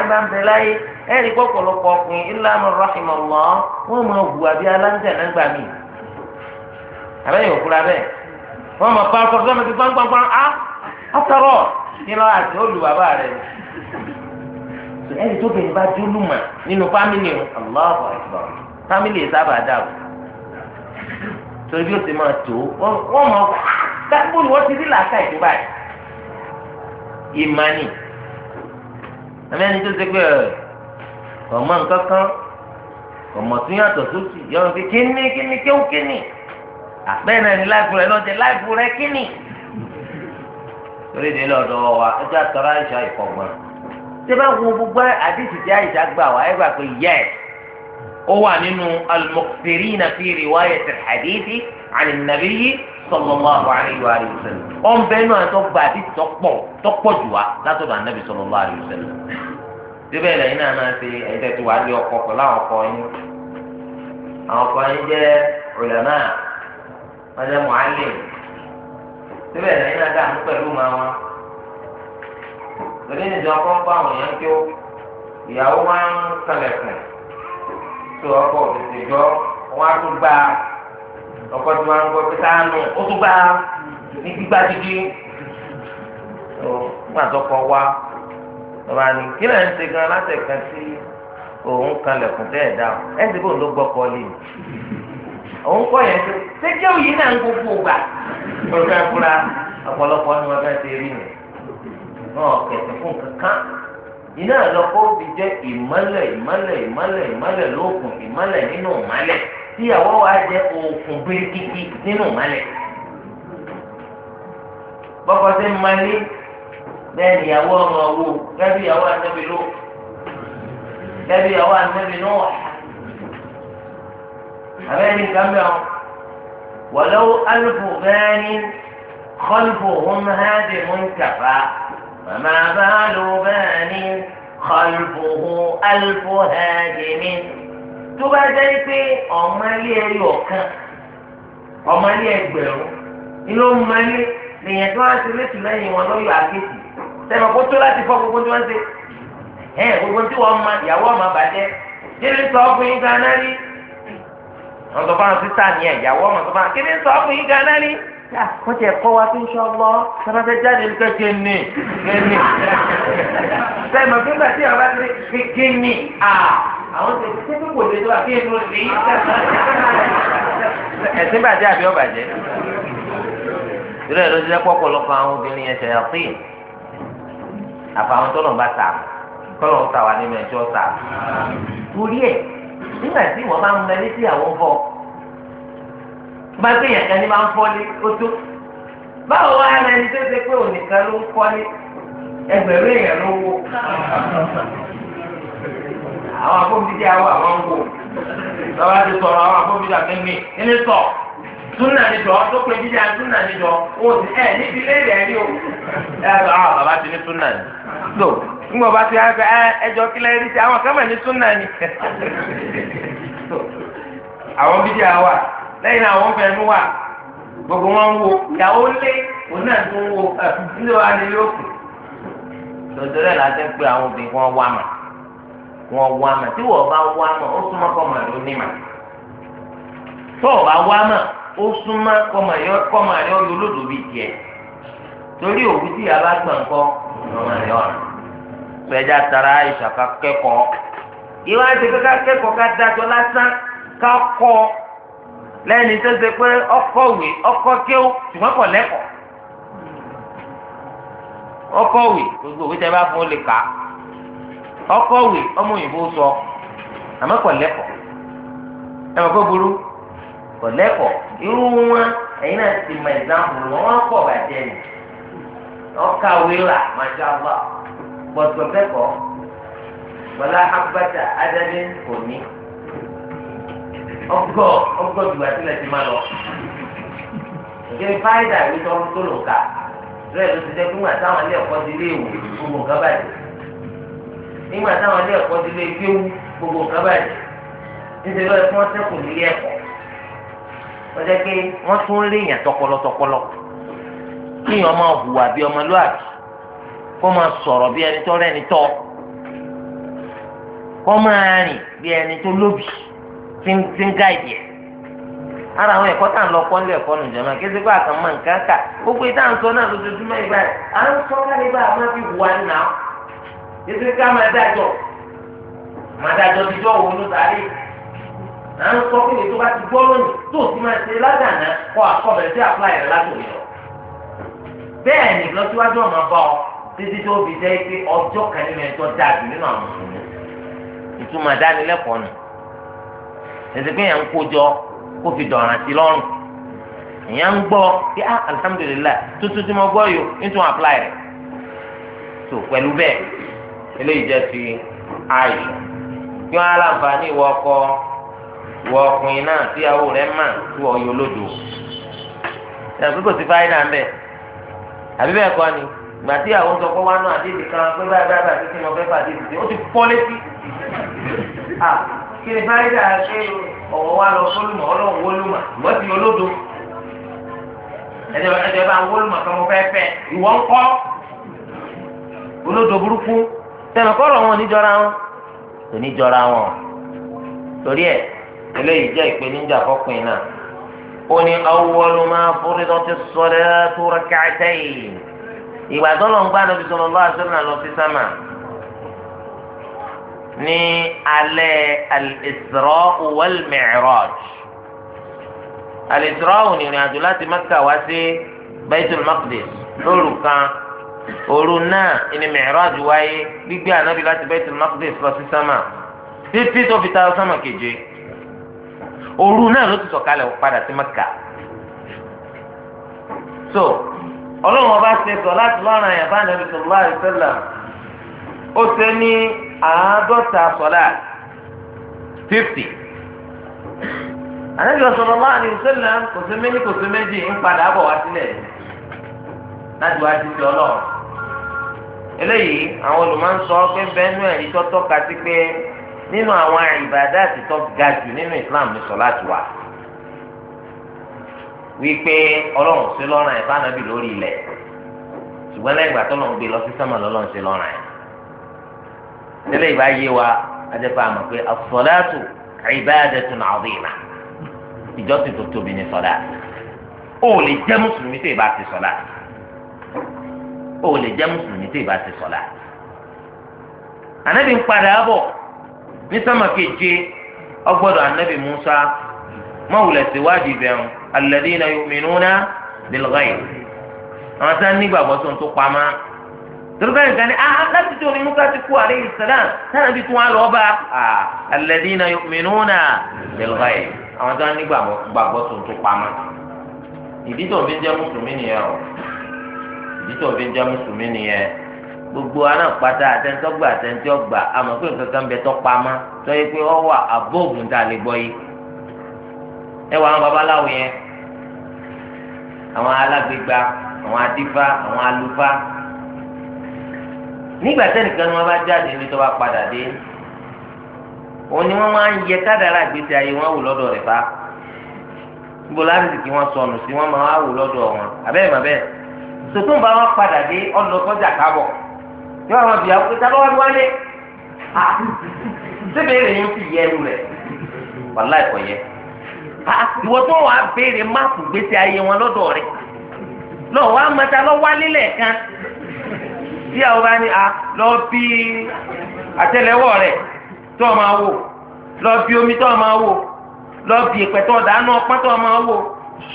[SPEAKER 2] afẹ́rọ̀ nínú àti olù bàbá rẹ̀ ẹni tó bẹ̀rẹ̀ bá jólùmọ̀ nínú fámìlì Allahu Akbar fámìlì sábà dàrú torí bí ó ti máa tó wọ́n mọ̀ dábò ni wọ́n ti rí làákà ìtó báyìí ìmánì àmì ẹni tó ṣe pé ọmọ nǹkan kan ọmọ tún yàtọ̀ sósì yọ̀ọ́ fi kíní kíní kéwú kíní àpẹẹrẹ ní láìpù rẹ lọ́jọ́ láìpù rẹ kíní torí délé ọ̀dọ̀ wa ẹ jẹ́ àtọ́rọ́ àìsà ìkọ̀gbọ́n tí bá wo gbogbo àdìsí tí àìsà gbà wá ẹ gbà pé yẹ ó wà nínú al-mukthirina fi riwayat al-hadithi ani nabiyyi sallallahu alayhi wa sallam ó ń bẹnu àtọ́ gba àdìsí tọ́pọ̀ tọ́pọ̀ jù wá látọ̀dọ̀ anabi sallallahu alayhi wa sallam síbẹ̀ lẹ́yìn náà máa ṣe ẹ̀jẹ̀ tí wàá lé ọkọ pẹ̀lú àwọn ọkọ yín àwọn ọkọ yín jẹ́ ulama wọ́n síbẹ̀ lẹ́yìn náà dààmú pẹ̀lú màá wọn. lórí nìjọ kọ́ ń bá àwọn èèyàn tó ìyàwó máa ń sàlẹ̀kùn tó ọkọ òtítì jọ wọn á tún gbà ọkọ tí wọn ń gbọ́ pété àánú ó tún gbà ní gbígbà dídí. nígbà tó kọ wá bàbá ni kí lè ń ṣe gan látẹ̀kan sí òun kanlẹ̀kùn tẹ́ ẹ̀ dá ẹ̀ sì bò ló gbọ́ kọ́ òun kọ́ yẹn tó ṣé kí òyìn náà ń gbogbo gbà wọ́n fẹ́ fúnra ọ̀pọ̀lọpọ̀ ni wọ́n fẹ́ ṣe rí mi náà kẹ̀sìn fún kankan iná lọ́kọ́ fi jẹ́ ìmọ́lẹ̀ ìmọ́lẹ̀ ìmọ́lẹ̀ ìmọ́lẹ̀ lóògùn ìmọ́lẹ̀ nínú ìmọ́lẹ̀ tíyàwó wa jẹ́ òògùn birikiti nínú ìmọ́lẹ̀ bọ́kọ sí mmalé bẹ́ẹ̀ ni ìyàwó ọmọ wo gẹ́bí ìyàwó anábì ló gẹ́bí ìyàwó anábì náà abẹ́rẹ́ nìkan ولو ألف بان خلفهم هادم كفى فما بال بان خلفه ألف هادم تبدأ في أمالي يوكا أمالي أكبر inú mọ́lé lèyìn tó wá sí létí lẹ́yìn wọn lọ́yọ̀ àkéjì sẹ́mi kó tó láti fọ́ gbogbo tí wọ́n ṣe ẹ̀ gbogbo tí wọ́n ma ìyàwó ọmọ bàjẹ́ délé sọ fún yín ganan rí wọn sọ fáwọn sísá ni ẹ ìyàwó ọmọ sọ fáwọn kí ni sọ fún yín ganan ni. wọ́n ah, ti ẹ̀kọ́ wa fi ń sọ lọ sábà fẹ́ jáde ní kẹ́kẹ́ ní kẹ́ni. sẹ́yìn mọ̀ fún bàtí ọba ti fi kí ni à àwọn tó ti tẹ́tí kò lè tó àti inú rí. ẹ̀sìn bàjẹ́ àbí ọ̀bàjẹ́. ìrẹ́ ló ti lẹ́kọ́ ọ̀pọ̀lọpọ̀ àwọn obìnrin yẹn ṣẹ̀yà àfàwọn tó lọ́n bá sàmù kọ́lọ́n sàwà nínú ẹ̀ṣọ́ sàmù. torí ẹ̀ nígbà tí wọ́n bá ń mọ ẹni tí àwọn fọ́ bá gbé yẹn kan máa ń fọ́lé ó tó báwo wá ara ẹni tó ṣe pé ònìkan ló ń fọ́lé ẹgbẹ̀rún èèyàn ló wó àwọn akóbídé àwọn àwọn wò lọ́wọ́ ti sọ̀rọ̀ àwọn akóbídé ẹni súnà ni jọ tó pé jíjà súnà ni jọ o ẹ níbi léèrè ẹ ní o ẹ ọ ah, bàbá ti ni so ńgbọ bá ti ẹ ẹjọ kílẹ̀ rí ti àwọn ni so àwọn bíjà wà lẹ́yìn àwọn fẹ̀mí wà gbogbo wọn wo ìyàwó lé òun náà wo ẹ kù rẹ̀ láti pé àwọn obìnrin wọn wá mà wọn wá mà tí wọn bá wá mà ó súnmọ́ kọ́ mà ó súnmọ́ kọ́mà yọ kọ́mà yọ lólódò bíi tiẹ̀ torí òwú tí yàrá gbà ń kọ́ kọ́mà yọ ọ̀nà pẹ̀já tara ìṣàkà kẹ́kọ̀ọ́ ìwà kẹ́kọ̀ọ́ kẹ́kọ̀ọ́ ká dájọ́ lásán ká kọ́ lẹ́ni tó ṣe pé ṣùgbọ́n sọ àmọ́ kọ̀ lẹ́kọ̀ọ́ ẹ̀ irú wọn ẹ̀yin náà ti mọ ẹ̀dáàmù wọn wọ́n pọ̀ bàjẹ́ ni wọ́n là masha Allah gbọ̀dọ̀ kẹ́kọ̀ọ́ wọlé abata adadé kò ní ọgọ ọgọ ju àtìlẹ ti máa lọ ìgbẹ́ fáyidà ìwé tó ń tó lò ká rẹ̀ ló ti jẹ́ pé wọn àtàwọn ilé ẹ̀kọ́ ti lé ìwò gbogbo nǹkan bàjẹ́ nígbà táwọn ilé ẹ̀kọ́ ti lé ìgbéwù gbogbo nǹkan bàjẹ́ nítorí ọ̀rẹ́ fún ọ́sẹ́kù nílé ẹ̀kọ́. wọ́n jẹ́ pé wọ́n tún lé yàn tọpọlọ tọpọlọ kíyàn máa hùwà bí ọmọlúwàbí kó máa sọ̀rọ̀ bí ẹni tọ́ rẹ́ni tọ́ kó máa rìn bí ẹni tó lóbì tí ń gáìdì ẹ̀ ara àwọn ẹ̀kọ́ tá à ń lọ ẹ̀kọ́ kí ẹsẹ̀ máa na ń sọ kí ni tó bá ti gbọ́ lónìí tó ti máa ṣe ládàáná kọ́ àkọ́bẹ̀rẹ̀ sí àpáyé rẹ̀ bẹ́ẹ̀ ni lọ́síwájú ọ̀nà bá ọ títí tó fi jẹ́ pé ọjọ́ kan nínú ẹjọ́ dàbí nínú àwọn mùsùlùmí. ìtumọ̀ dánilẹ́kọ̀ọ́ nù ẹ̀sìn pé yẹn ń kójọ kó fi dọ̀ràn sí lọ́rùn èèyàn ń gbọ́ kí á ah, tuntun tí mo wọ ọkùnrin náà tíyàwó rẹ̀ mà tí wọ́n yọ lódò ẹ̀rọ kò sí fáyínà ń bẹ̀ àbí bẹ́ẹ̀ kọ́ ni ìgbà tíyàwó sọ pé wánú àdéhìí kan pé báyìí báyìí báyìí títí mo fẹ́ fà àdéhìí tí ó ti pọ́ létí kí ni fáyínà ṣe ọ̀wọ́ wa lọ fólùmọ̀ ọlọ́run wólùmọ̀ ìwọ́ ti yọ lódò ẹ̀jẹ̀ ẹ̀jẹ̀ bá ń wólùmọ̀ kan mo fẹ́ fẹ́ ìwọ́ ń kọ́ olódò burúkú tẹnukọ́rọ̀ wọn ò ní jọra wọn ò ní jọra wọn torí ẹ̀ eléyìí jẹ́ ìpèníjà fọ́pin náà ó ní awwalu ma furidatis salatu rak'atayn ìgbà tó lọ ń gbá lọ́bi sọ̀rọ̀ lọ́wọ́ àṣẹ́nà lọ sí sámà ní alẹ́ al-Isra wal-Mi'raj al-Isra ní ìrìn àjò láti Mẹ́kà wá sí Baitul Maqdis lóru kan òru náà ní Mi'raj wáyé gbígbé ànábì láti Baitul Maqdis lọ sámà títí tó fi ta sámà keje òru náà ló ti sọ̀kalẹ̀ padà sí Mẹ́kà so ọlọ́run ọba ṣe sọ láti lọ́ràn yàrá nàbí sallallahu alaihi wasallam ó ṣe ní àádọ́ta sọ̀lá fifty ànábì sallallahu alaihi wasallam kò sí méjì kò sí méjì ń padà bọ̀ wá sílẹ̀ láti wá sí ti ọlọ́run eléyìí àwọn olùmọ̀ ń sọ pé bẹ́ẹ̀ nú ẹ̀rí tọ́tọ́ ka sí pé nínú àwọn ìbàdà àtìtọ́ ga jù nínú Islam ní sọ̀láàtì wa wípé ọlọ́run sí lọ́rùn ẹ̀ fáànàbì lórí ilẹ̀ ṣùgbọ́n lẹ́yìn ìgbà tọ́lọ́run gbé lọ sí sánmà lọ́lọ́run sí lọ́rùn ẹ̀ tẹ́lẹ̀ ìbá yé wa ajẹ́pẹ́ àmọ̀ pé as-salatu ibadatun azima ìjọsìn tó tóbi ní sọ̀lá ó lè jẹ́ mùsùlùmí tó ìbá ti sọ̀lá ó lè jẹ́ mùsùlùmí tó ìbá ti sọ̀lá ànábì ń padà bọ̀ ní sámà keje ọgbọ́dọ̀ anabi musa mọ̀wùlẹ̀ síwádìí bẹ̀rù alladhina yu'minuna bil ghaib àwọn sáà nígbàgbọ́ tó ń tó pamá dọ́gba yìí gani ah, ah láti tó ni musa ti kú aleyhi salam sáà bí tí wọ́n lọ bá ah alladhina yu'minuna bil ghaib àwọn sáà nígbàgbọ́ tó tó pamá ìdí tó fi jẹ́ mùsùlùmí nìyẹn o ìdí tó fi jẹ́ mùsùlùmí nìyẹn gbogbo aná pátá àtẹnudọ́gba àtẹnudọ́gba àmọ́ pé nǹkan kan bẹ tọ́ pamọ́ tọ́ yẹ pé ọwọ́ àbóògùn tá a lè gbọ́ yìí ẹ wọ àwọn babaláwo yẹn àwọn alágbègbà àwọn adífá àwọn alùfá nígbà tẹnìkan ni wọn bá jáde ní tó bá padà dé òun ni wọn máa ń yẹ kádàrá gbèsè ayé wọn wò lọ́dọ̀ rẹ̀ bá níbo láti kí wọn sọnù sí wọn máa wò lọ́dọ̀ wọn àbẹ́ẹ̀ màbẹ́ẹ̀ sòtún bá wọn padà dé ọlọ́sọ́jà kábọ̀ yọ àwọn bìyà pé tábà wọn wálé a sébèrè yín fi yẹ rẹ wàhálà ẹkọ yẹ ìwọ tó wàá béèrè máàpù gbèsè ayé wọn lọ́dọ̀ rẹ lọ wàá mọta lọ wálé lẹ́ẹ̀kan tí àwọn bá ní a lọ bí àtẹ́lẹwọ́ rẹ tó o máa wò lọ bí omi tó o máa wò lọ bí ìpẹtọ dáná ọpọn tó o máa wò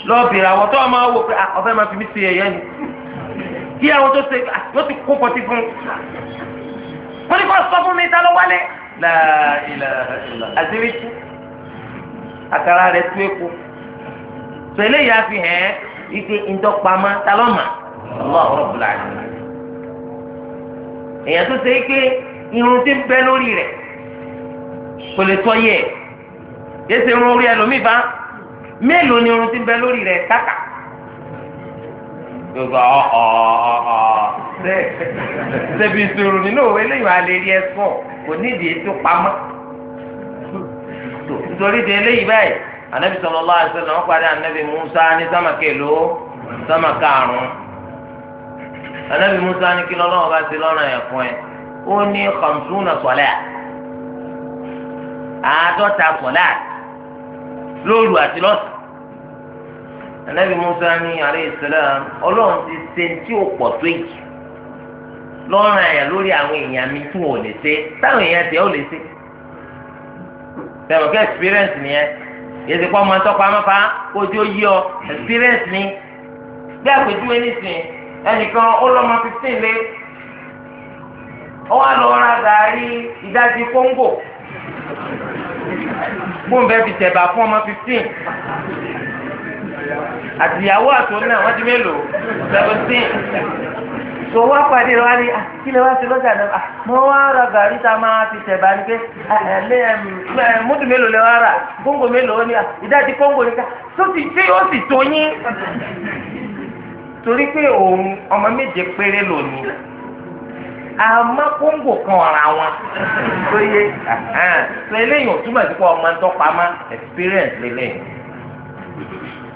[SPEAKER 2] lọ bí ìràwọ̀ tó o máa wò pé ọfẹ máa fi mí ṣe ẹ̀yẹ ni bí àwọn tó ṣe yóò ah, ti kó pọtí fún un. mo ní kó sọ fún mi ta ló wálé. àṣírí tú àkàrà rẹ̀ tú èkó. pẹ̀lẹ́ ìyá fi hẹ́ ike ìdọ́pamọ́ ta ló mà lọ́wọ́ ọ̀rọ̀ èèyàn tó ṣe é pé irun ti ń bẹ lórí rẹ̀ kò lè tọ́ yẹ ẹ̀ yẹ́sẹ̀ irun orí ẹlòmíì bá mélòó ni irun ti ń bẹ lórí rẹ̀ káàkà gbogbo ọ̀ọ̀ọ̀ọ̀ ṣe ṣẹbi ìṣòro nínú òwe lẹ́yìn alẹ́ rí ẹ̀sọ́ kò nídìí ètò pamọ́ nítorí de eléyìí báyìí anabi sallallahu alaihi wasallam wọn parí anabi musa ní sámàkèló sámàkàrún anabi musa ní kí lọ́lọ́wọ́ bá ti lọ́rùn ẹ̀ fún ẹ ó ní khamsuna sọlẹ́ àádọ́ta sọlẹ́ lóru àti lọ́sàn anabi musa ní alayhi salam ọlọ́run ti ṣe tí ó pọ̀ tó èyí lọ́rùn àyà lórí àwọn èèyàn mi tí wọn ò lè ṣe táwọn èèyàn tẹ̀ ọ́ lè ṣe. tẹ̀wọ̀kẹ́ experience nìyẹn yẹtì pọ́ ọmọ tọ́pọ̀ amáfa kojú ó yí ọ experience ni bí àpèjúwe nísìnyí ẹnìkan ó lọ́mọ fifteen lé ọwọ́ àlọ́ ra gàárì ìdajì kóńgò gbóǹbẹ́ fi tẹ̀bà fún ọmọ fifteen àtìyàwó àtò náà wọ́n ti mélòó seventeen tó wá pàdé rẹ̀ wá ní kílẹ̀ wá sí lọ́jà náà ah, mo wá ra gàrí tá a máa ti tẹ̀bà ni pé eh, eh, múdù mélòó lẹ wá rà kóńgò mélòó ni ah, ìdájí kóńgò ni ká tó ti tí ó sì tó yín torí pé òun ọmọ méje péré lónìí àmọ́ kóńgò kan ọ̀ra wọn tó yé tó eléyìí ò túmọ̀ sí pé ọmọ ń tọ́pamọ́ experience lélẹ́yìn.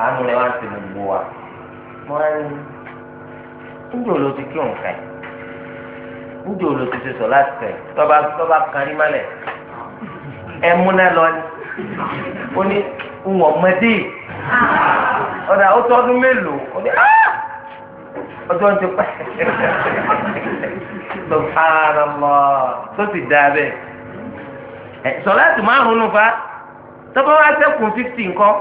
[SPEAKER 2] àánú rẹ̀ wá ń ti gbogbo wa mo á ní níjẹ́ olo ti kí òun kàn níjẹ́ olo ti ti sọ láti kàn tọ́ba tọ́ba kan rí mọ́lẹ̀ ẹ múná lọ ni ó ní ìwọ̀n mọ́dé ọ̀dà ó tọ́dún mélòó ó ní ọjọ́ ń ti pẹ́ subhanallah tó ti dáa bẹ́ẹ̀ sọ láti márùn-ún fa tọ́ba wá sẹ́kùn fífì nǹkan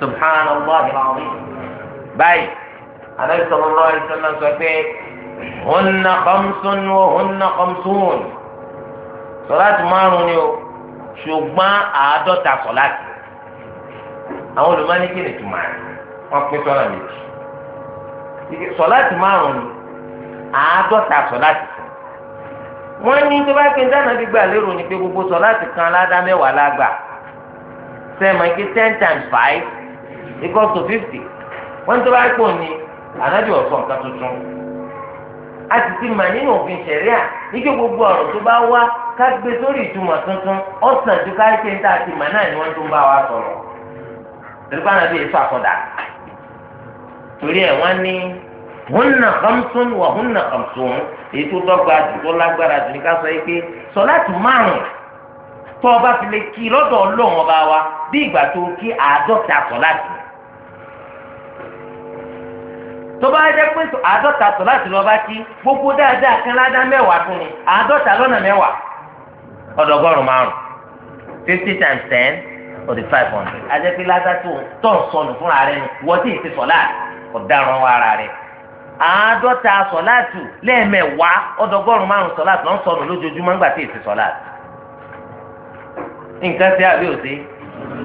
[SPEAKER 2] subhanallah alazim báyìí anabi sallallahu alaihi wasallam sọ pé hunna khamsun wa hunna khamsun sọláàtì márùn ni o ṣùgbọ́n àádọ́ta sọláàtì àwọn olùmọ́nìkì lè tún máa wọ́n pín sọ́nà méjì sọláàtì márùn ni àádọ́ta sọláàtì wọ́n ní tó bá pín dáná gbígbà lérò ni pé gbogbo sọláàtì kan aládá mẹ́wàá lágbà sẹ́mọ̀ kí ten times five equals to fifty wọ́n tó bá pò ní ànábì ọ̀sọ̀ nǹkan tuntun a sì ti mà nínú òfin ṣẹ̀ríà nígbà gbogbo ọ̀rọ̀ tó bá wá ká gbé sórí ìtumọ̀ tuntun ọ̀sán ju ká ṣe ń tà àti mà náà ni wọ́n tó ń bá wa sọ̀rọ̀ tẹ̀lifá ànábì èso àkọ́dà torí ẹ̀ wọ́n ní hunna khamsun wa hunna khamsun èyí tó dọ́gba jù tó lágbára jù ní ká sọ yìí pé sọ̀láàtù márùn-ún tó o bá fi lè kí lọ́dọ̀ ọlọ́run ọba wa bí ìgbà tó kí àádọ́ta sọ̀láàtù tó bá jẹ́ pé àádọ́ta sọ láti lọ́ọ́ bá kí gbogbo dáadáa kan ládá mẹ́wàá fún mi àádọ́ta lọ́nà mẹ́wàá ọ̀dọ̀gọ́rùn márùn fifty times ten or the five hundred ajẹ́ pé ládá tó tọ̀ sọnù fúnra rẹ̀ nù wọ́n sì ti sọ̀ láàrin ọ̀daràn wa ara rẹ̀ àádọ́ta sọ̀láàtù lẹ́ẹ̀mẹ̀wá ọ̀dọ́gọ́rùn márùn sọ̀láàtù lọ́n sọnù lójoojúmọ́ ńgbà tí èsì sọ̀láàtù. nǹkan ṣe àbí òsè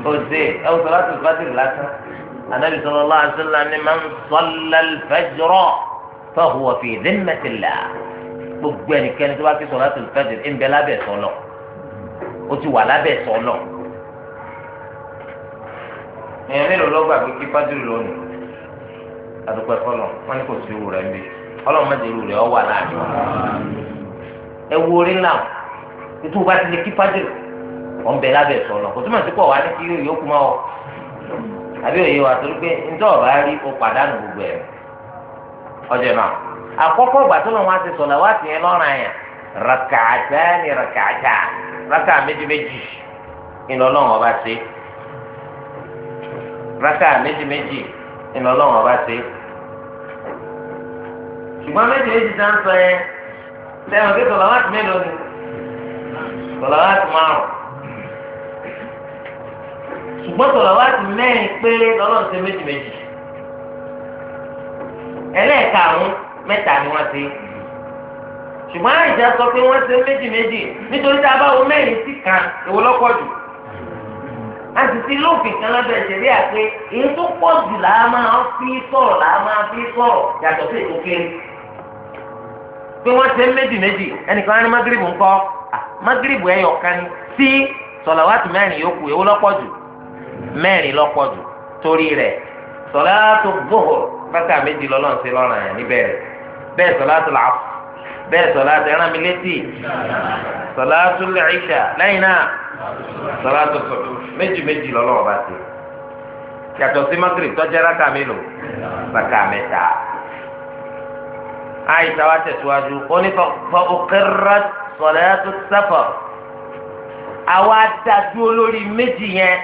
[SPEAKER 2] òsè ẹ̀ anabi sallallahu alaihi wasallam ni man salla al-fajra fa huwa fi dhimmatillah gbogbo ẹnikẹ́ni tó bá kí sọlá tòlù fẹjọ ẹ ń bẹ lábẹ́ sọlọ ó ti wà lábẹ́ sọlọ. èèyàn mélòó ló gbàgbé kí fájúrì lónìí àdúpẹ́ fọlọ wọn ni kò sí irú rẹ ń bí Ọlọ́run má jẹrú rẹ ọ wà láàrin ẹ wo orí ńlá o ètò ìbá ti lè kí fájúrì ọ̀ ń bẹ lábẹ́ sọlọ kò túmọ̀ sí pọ̀ wá ní kí yóò kú mọ́ ọ àbí òye wa torí pé ntọ́ ọ̀bá rí o pàdánù gbogbo ẹ̀ ọjọ́ náà àkọ́kọ́ ìgbà tó lọ́wọ́ àti sọ̀lá wá sí ẹ lọ́rùn àyàn rakàtà ni rakàtà rakà méjì méjì ìnà ọlọ́run ọba ṣe rakà méjì méjì ìnà ọlọ́run ọba ṣe ṣùgbọ́n méjì méjì tá ń sọ yẹn sẹ́wọ̀n kí sọ̀lá wá ti mélòó ni sọ̀lá wá ti márùn-ún mọ́tòlá wá ti mẹ́rin péré lọ́lọ́run ṣe méjì méjì ẹlẹ́ẹ̀ka àwọn mẹ́ta ni wọ́n ṣe ṣùgbọ́n àìsàn sọ pé wọ́n ṣe méjì méjì nítorí tá a bá wo mẹ́rin sí kan èwo lọ́pọ̀ jù a sì ti lófin kan lábẹ́ ìṣẹ̀lẹ̀ àpé èyí tó pọ̀ jù là á máa fi sọ̀rọ̀ là á máa fi sọ̀rọ̀ yàtọ̀ sí ètò kéré pé wọ́n ṣe méjì méjì ẹnìkan á ní magrebu ńkọ́ magrebu ẹ̀yọ̀ kan sí sọ̀làwátì mẹ́rin yòókù èwo lọ́pọ̀ jù mẹ́rin lọ́pọ̀jù torí rẹ̀ sọ̀láàtù gbòhò bákà méjì lọ́lọ́run sí lọ́rùn àyàn níbẹ̀rẹ̀ bẹ́ẹ̀ sọ̀láàtù làáfù bẹ́ẹ̀ sọ̀láàtù ẹran mi létí sọ̀láàtù lẹ́ẹ̀ṣà lẹ́yìn náà sọ̀láàtù sọ̀tù méjì méjì lọ́lọ́run bá ti yàtọ̀ sí magrib tọ́jẹ́ rákà mélòó rákà mẹ́ta àìsà wa tẹ̀síwájú ó ní fọ òkèrè sọ̀láàtù sáfà àwa dá dúró méjì yẹn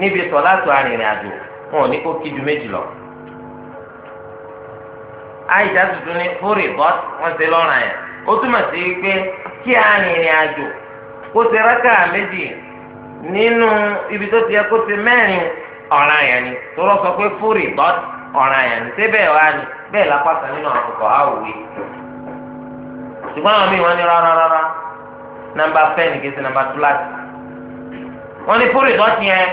[SPEAKER 2] níbi sọ̀láàtù arìnrìn àjò wọn ò ní kó kí ju méjì lọ. àyíṣà tuntun ní fúrì bọ́t wọ́n ṣe lọ́rùn àyà ó túmọ̀ sí pé kí arìnrìn àjò kó ṣe rákà méjì nínú ibi tó ti yẹ kó ṣe mẹ́rin ọ̀ràn àyà ni tó lọ sọ pé fúrì bọ́t ọ̀ràn àyà ni síbẹ̀ wá ni bẹ́ẹ̀ lápá kan nínú àkókò àwòwé ṣùgbọ́n àwọn míì wọ́n ní rárá rárá nàmbà fẹ́ẹ̀nì kìí ṣe nàmbà túláàsì wọ́n ní fúrì bọ́t yẹn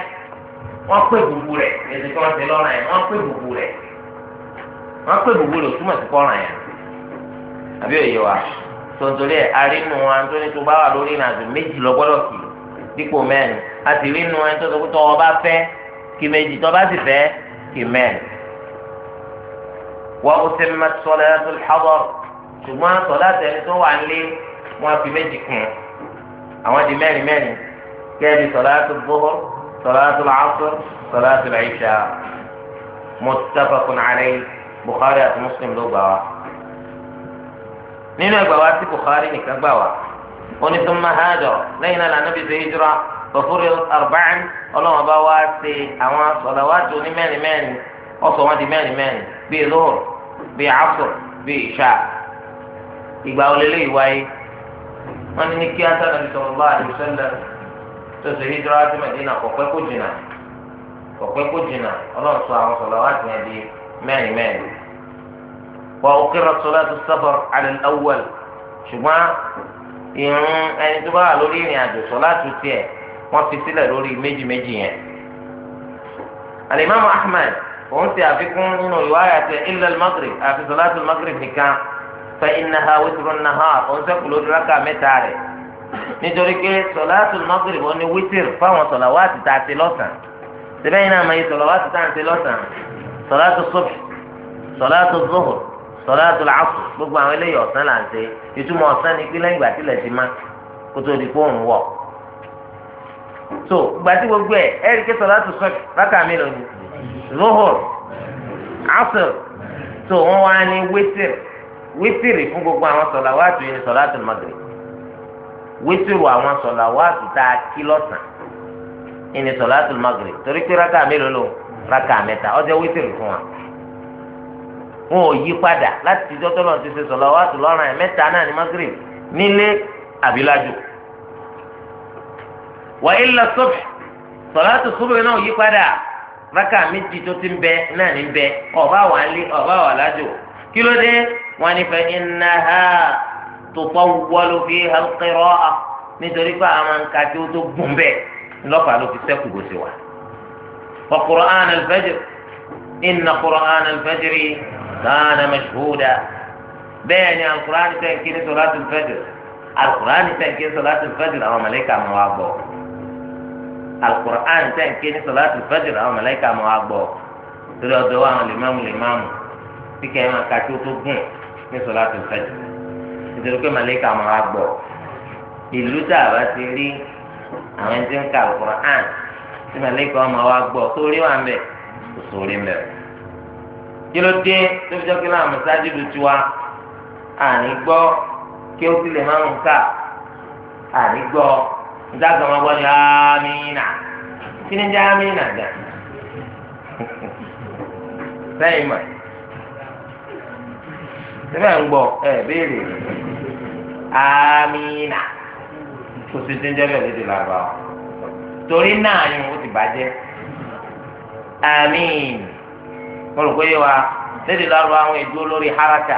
[SPEAKER 2] wọ́n pè gbogbo rẹ̀ èsì tí wọ́n ti lọ́ra yẹn wọ́n pè gbogbo rẹ̀ wọ́n pè gbogbo rẹ̀ túmọ̀ sí kọ́ra yẹn àbí òye wa tontori ẹ̀ arínú wa nítorí tó bá wà lórí ìrìnàjò méjì lọ gbọ́dọ̀ kì dípò mẹ́rin àti rínú ẹni tó sọ pé tọ́wọ́ fẹ́ kí méjì tọ́ bá sì fẹ́ kí mẹ́rin. wọ́n kò tẹ́ mímá sọ́lá tó lọ́bọ̀ ṣùgbọ́n sọ́lá tẹ̀lé tó wà nílé wọ́n fi méjì kùn àwọn di mẹ́rin mẹ́rin kẹ́ẹ̀dì صلاة العصر صلاة العشاء متفق عليه بخاري àti muslim ló gbà wá nínú ẹgbà wá sí bukhari nìkan gbà wá oní sọmọ hajọ lẹ́yìn náà lànà bíi ṣèjúra fọfúri arba'in ọlọ́wọ́n bá wá sí àwọn sọ̀làwátì ní mẹ́rin mẹ́rin ọ̀sọ̀ wọn di mẹ́rin mẹ́rin bíi zuhur bíi asr bíi isha ìgbà òlélẹ́yìí wáyé wọn ní kí á sábà ní sọ̀rọ̀ bá àdìsọ́lẹ̀ tó ṣe hijira sí Mẹdínà kọ̀pẹ́ kó jìnnà kọ̀pẹ́ kó jìnnà ọlọ́run sọ àwọn sọ̀rọ̀ wá ti yẹn di mẹ́rin mẹ́rin. wà ó kíra sọlá tó sábọ̀rọ̀ alẹ́ awọ́l ṣùgbọ́n ìrún ẹni tó bá wà lórí ìrìn àjò sọlá tó tiẹ̀ wọ́n fi sílẹ̀ lórí méjì méjì yẹn. alimami Ahmad òun ti àfikún nínú ìwà àyàtẹ̀ ilẹ̀ magrib àfi sọlá tó magrib nìkan fẹ́ iná wíṣọ náà òun sẹ́kù lórí rákà mẹ́ta rẹ̀ nítorí pé sọláàtù mọ́gìrì wọn ni wítìrì fáwọn sọláwàtì tá a ti lọ́sàn síbẹ̀ yìí náà máa yẹ sọláwàtì tá a ti lọ́sàn sọláàtù sọ́bì sọláàtù zuhur sọláàtù làásù gbogbo àwọn eléyìí ọ̀sán là ń ṣe ìtumọ̀ ọ̀sán ni pé lẹ́yìn ìgbà tí ilẹ̀ ti má kó tó di fóònù wọ̀ so ìgbà tí gbogbo ẹ̀ ẹ̀rí pé sọláàtù sọ́bì rákà mi lò ní zuhur asr so wọ́n wíṣírù àwọn sọlá wá àtúntà kí lọ́sàn ìní magre torí pé rákà mélòó ló raka mẹta ọjọ́ wíṣírù fún wa wọn ò yí padà láti ti ṣe lọ́rùn magre nílé tutawwalu fiha al-qira'ah nítorí pé àwọn nǹkan tí ó tó gùn bẹ́ẹ̀ ńlọ́fà ló fi sẹ́kù bó ṣe wà. wa qur'an al-fajr inna qur'an al-fajri kana mashhuda bẹ́ẹ̀ ni al-qur'an tẹ̀ kí ní sọ̀láàtì al-fajr al-qur'an tẹ̀ kí ní sọ̀láàtì al-fajr àwọn màláíkà máa wá gbọ́ al-qur'an tẹ̀ kí ní sọ̀láàtì al-fajr àwọn màláíkà máa wá gbọ́ torí ọ̀dọ́ wa àwọn lè máàmù lè máàmù kíkẹ́ máa ka tó tó gùn ní sọ̀láàtì al-fajr. nítorí pé màlẹ́kà máa gbọ́ ìlú tá a bá ti rí àwọn ẹni tí ń ka Al-Qur'an tí màlẹ́kà máa wá gbọ́ sórí wà mẹ́ kò sórí mẹ́ kí ló dé tó fi jẹ́ pé láwọn mọ̀sáájú lu tiwa àní gbọ́ kí ó sì lè máa ń kà àní gbọ́ ìdájọ́ máa gbọ́ ní amínà kí ni jẹ́ amínà dà sẹ́yìn mọ̀ síbẹ̀ ń gbọ́ ẹ béèrè amina kò sí jẹ́jẹ́ bẹ́ẹ̀ lédè làbà ọ́ torí náà ni o ti bàjẹ́ amin mo rò pé wa lédè làbà àwọn èdè olórí haraka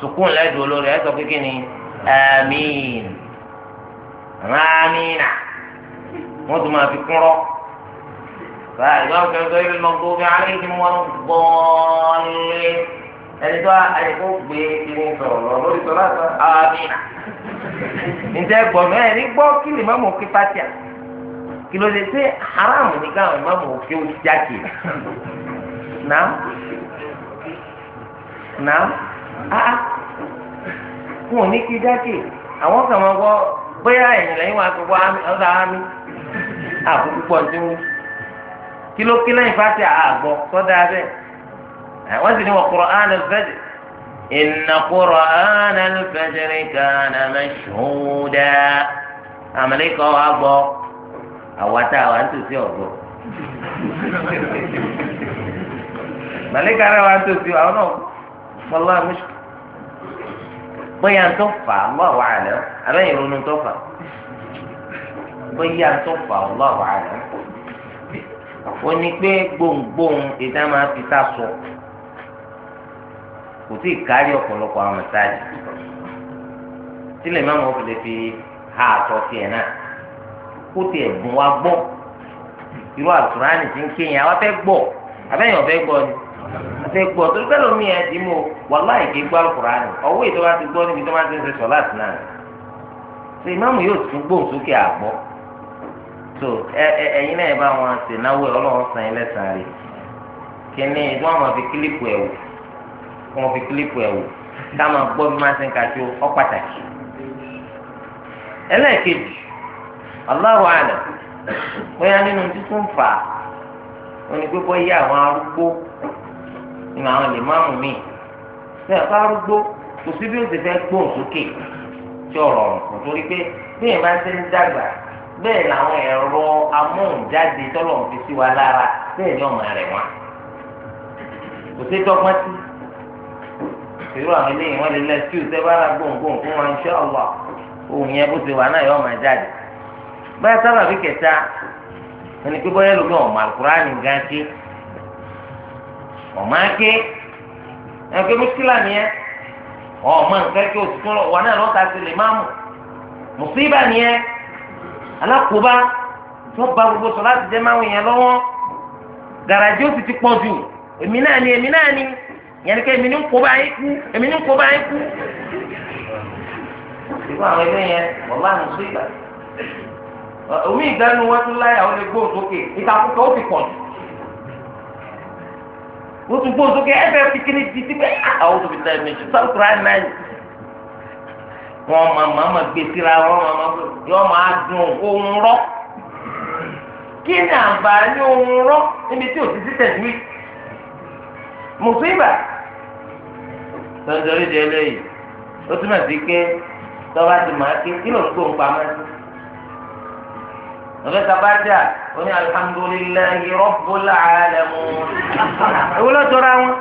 [SPEAKER 2] sukùn lẹ́dùn olórí ẹ̀ sọ pé kí ni amin amina wọ́n tún máa fi kúnrọ́ báyìí wọ́n kẹ́kẹ́ sọ lọ́gbọ́n bí alẹ́ kí wọ́n bọ́ọ̀lì ẹni tó ayé kó gbé kiri sọ̀rọ̀ lọ lórí sọ̀rọ̀ àtọ́
[SPEAKER 1] àmìnà. ǹjẹ́ gbọ̀nà
[SPEAKER 2] ẹ̀ ní gbọ́ kí lè má mọ̀ kí pátíà kí ló lè ṣe haram ní káwọn má mọ̀ kí ó jáde. nà nà áá fún òní kí jáde àwọn kan máa gbọ́ bóyá ẹ̀yìn lẹ́yìn wá gbogbo ọ̀dà ámì àkókò pọ̀ ní kí ló kí lẹ́yìn pátíà àgbọ̀ sọ́dọ̀ abẹ́ wọ́n sì ní wọ́n Qur'an al-Fajr inna Qur'an al-Fajr kana mashhuda àmàlẹ́kọ̀ wa gbọ́ àwọ̀tá wa ń tòsí ọ̀gbọ́ màlẹ́kọ̀ ara wa ń tòsí àwọn náà fọlá mọ́ṣù bóyá ń tó fà á lọ́wọ́ àlẹ́ abẹ́yìn ronú tó fà bóyá tó fà ọ́ lọ́wọ́ àná. ó pé gbòǹgbòǹ ìdá máa fi sá sọ kò tí ì kárí ọ̀pọ̀lọpọ̀ àwọn mẹ́sáàjì tílẹ̀ mẹ́mọ́ fi lè fi ha àtọ̀ tiẹ̀ náà kó tiẹ̀ gùn wá gbọ́ irú àtúránì tí ń kéyìn àwọn fẹ́ gbọ́ abẹ́yẹn ọ̀fẹ́ gbọ́ ni ọ̀fẹ́ gbọ́ torí pẹ́ lómi ẹ̀ dì mọ́ wàláì kì gbọ́ àlùkùránì ọwọ́ ìtọ́ bá ti gbọ́ níbi tó bá ti ń ṣe yóò tún gbóhùn sókè àgbọ́ so ẹ̀yin náà ẹ bá wọn ṣe náwó ọlọ́run san ilẹ̀ fi kílípù wọn fi kílípù ẹ̀ wò táwọn gbọ́ bí máa ń sẹ́ńkà tó ọ́ pàtàkì. ẹlẹ́ẹ̀kejì àlẹ́ bóyá nínú títún fà á ni pé bóyá àwọn arúgbó nínú àwọn lè máa mú mi ṣe ẹ̀ka arúgbó kò sí bí ti fẹ́ gbóhùn sókè tí ọ̀rọ̀ torí pé bá ń dàgbà bẹ́ẹ̀ làwọn ẹ̀rọ irú àwọn eléyìí wọn lè lẹ tí o sẹba ara gbòǹgbòǹ fún wọn ṣé ọlọ òun yẹn bó ti wà náà yọ ọmọ jáde báyìí sábà fi kẹta ẹni pé bọ́yá lómi ọ̀mọ àkùrá ni gan ké ọ̀mọ ké ẹni pé mùsùlùmí nìyẹn ọ̀mọ nǹkan ké oṣù tó wà náà lọ́ta sí lè máàmù mùsíbà nìyẹn alákòóbá tó ba gbogbo sọ láti jẹ́ máwìn yẹn lọ́wọ́ gàràjì ó sì ti pọ̀ jù èmi náà ni èmi náà ni yẹn ni ká èmi ní ń kó bá yín kú èmi ní ń kó bá yín kú. ìgbà àwọn ẹgbẹ́ yẹn wọ́n bá nù sí ìgbà omi ìdánu wọn tún láyà wọn lè gbóhùn sókè ìtàkùkọ ó fi pọ̀ jù wọ́n tún gbóhùn sókè ẹ̀fẹ̀ fi kíni di sí pé ah, àwọn tó fi tẹ̀ mí ṣe sáà kúrò àná yìí wọn máa máa máa gbé síra wọn máa máa yọ máa dùn ohun rọ kí ni àǹfààní ohun rọ níbi tí ò ti tọ́jọ́rí di eléyìí ó túmọ̀ sí pé tọ́ba ti máa ké kí ló ń gbóhùn pamọ́ sí. ọ̀gá sábàdà ó ní alihamudulilayi rabbil alamin. ìwúlò tóra wọn.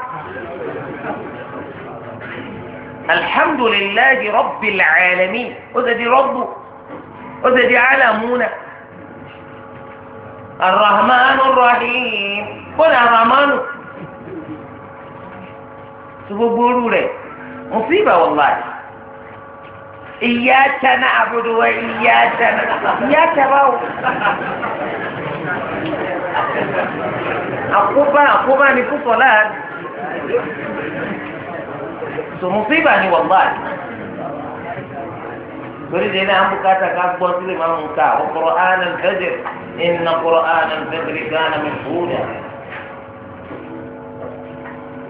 [SPEAKER 2] alihamudulilayi rabbil alamin ó ti di rọ́bù ó ti di alamuna. arahmanu rahim kó ní arahmanu. tó gbogbo orú rẹ̀ mùsíbà wàláhì iyyaka na'budu wa iyyaka iyyaka báwo. àkóbá àkóbá ni púpọ̀ láàrin
[SPEAKER 1] tó mùsíbà ni wàláhì
[SPEAKER 2] torí de náà bukata ká gbọ́ sílẹ̀ máa ń ka ọ̀kọ̀rọ̀ ánà fẹ́jẹ̀ ìnà kọ̀rọ̀ ánà fẹ́jẹ̀ gánà mi fúdà.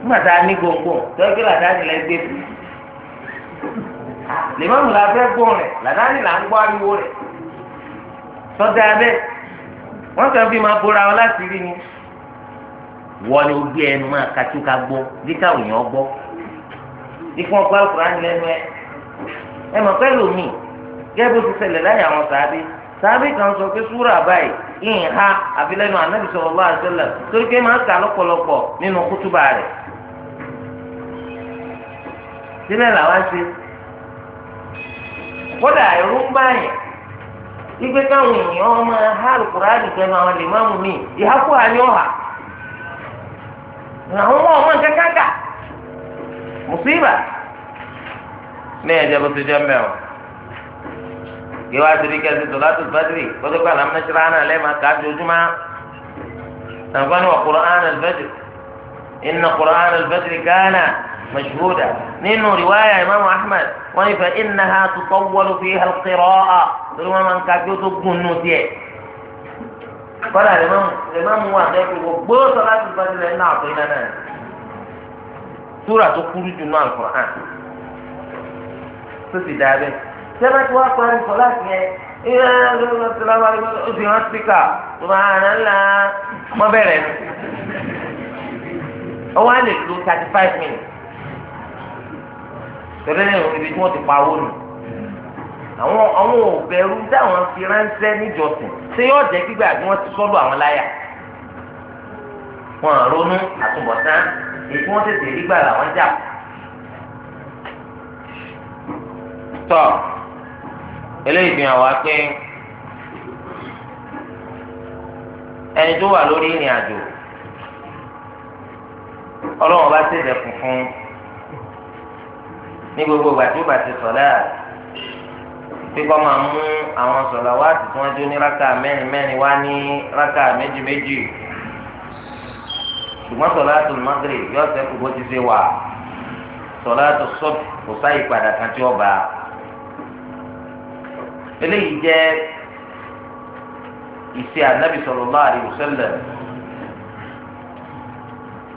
[SPEAKER 2] nígbà tá a ní gbòǹgbò tọ́jú làdáni lẹ gbé bù lèmọ́mù la fẹ́ gbọ́ rẹ̀ làdáni là ń gbọ́ ariwo rẹ̀ sọ́jà abẹ́ wọ́n kàn fi máa bora ọ láti rí ni wọ́n ni ó gbé ẹnu máa kàtú ka gbọ́ bí káwọn èèyàn gbọ́ ikú ọgbà ọkùnrin lẹ́nu ẹ ẹ mọ̀ pẹ́ lómi gẹ́gẹ́ bó ti ṣẹlẹ̀ láyé àwọn sàábé sàábé kan sọ pé súrà báyìí ìhà àfi lẹ́nu ànábì sallallahu alaihi wasallam torí pé máa ń kà lọ́pọ̀lọpọ̀ nínú kútúbà rẹ̀ síbẹ̀ làwọn ń ṣe kódà ẹ̀rú ń báyìí igbe káwọn èèyàn máa há alukurani pẹ̀lú àwọn lè máa mú mi ìhákó àní ọ̀hà àwọn ọmọ ọmọ nǹkan káàkà mùsíbà ní ẹ̀jẹ̀ bó ti jẹ́ mbẹ́ o yíwá síbi kẹsì tó látò fẹ́tìrì kótó kọ́ àlàmú náà lẹ́ẹ̀ máa káàdì ojúmọ́ nàgbọ́n ní wà kúrọ̀ ánà lẹ́fẹ́tìrì ìnà kúrọ̀ ánà lẹ́fẹ́tìrì gánà. مشهودة نينو رواية إمام أحمد وإن فإنها تطول فيها القراءة تلوما من كاكيوتو بنوتي فلا الإمام الإمام واحد يقول بو صلاة الفجر لأن أعطينا سورة خروج من القرآن سيدي دابي سمعت واقع الصلاة السلام عليكم أسي هاتفكا سبحان الله ما بيرن أوالك لو 35 minutes tọ́lẹ́ ní ibi tí wọ́n ti pa owó nù àwọn àwọn òbẹ̀rù táwọn fi ránṣẹ́ níjọsìn ṣé yóò jẹ́ gbígbà bí wọ́n ti sọ́dọ̀ àwọn láyà wọn ronú àtúbọ̀tán èyí wọ́n tètè rí gbà làwọn jà tọ́ eléyìí fi hàn wá pé ẹni tó wà lórí ìrìn àjò ọlọ́run bá ṣèjẹ́ funfun ní gbogbo ìgbà tí ó bá ti sọ̀lá pé kọ́ máa mú àwọn sọ̀lá wá tí wọ́n jó ní rákà mẹ́rin mẹ́rin wá ní rákà méjì méjì ṣùgbọ́n sọ̀lá tó magre yóò sẹ́kù bó ti ṣe wà sọ̀lá tó sọ́ọ̀bù kò sáyì padà kan tí ó bá eléyìí jẹ́ ìṣe ànábì sallallahu alaihi wasallam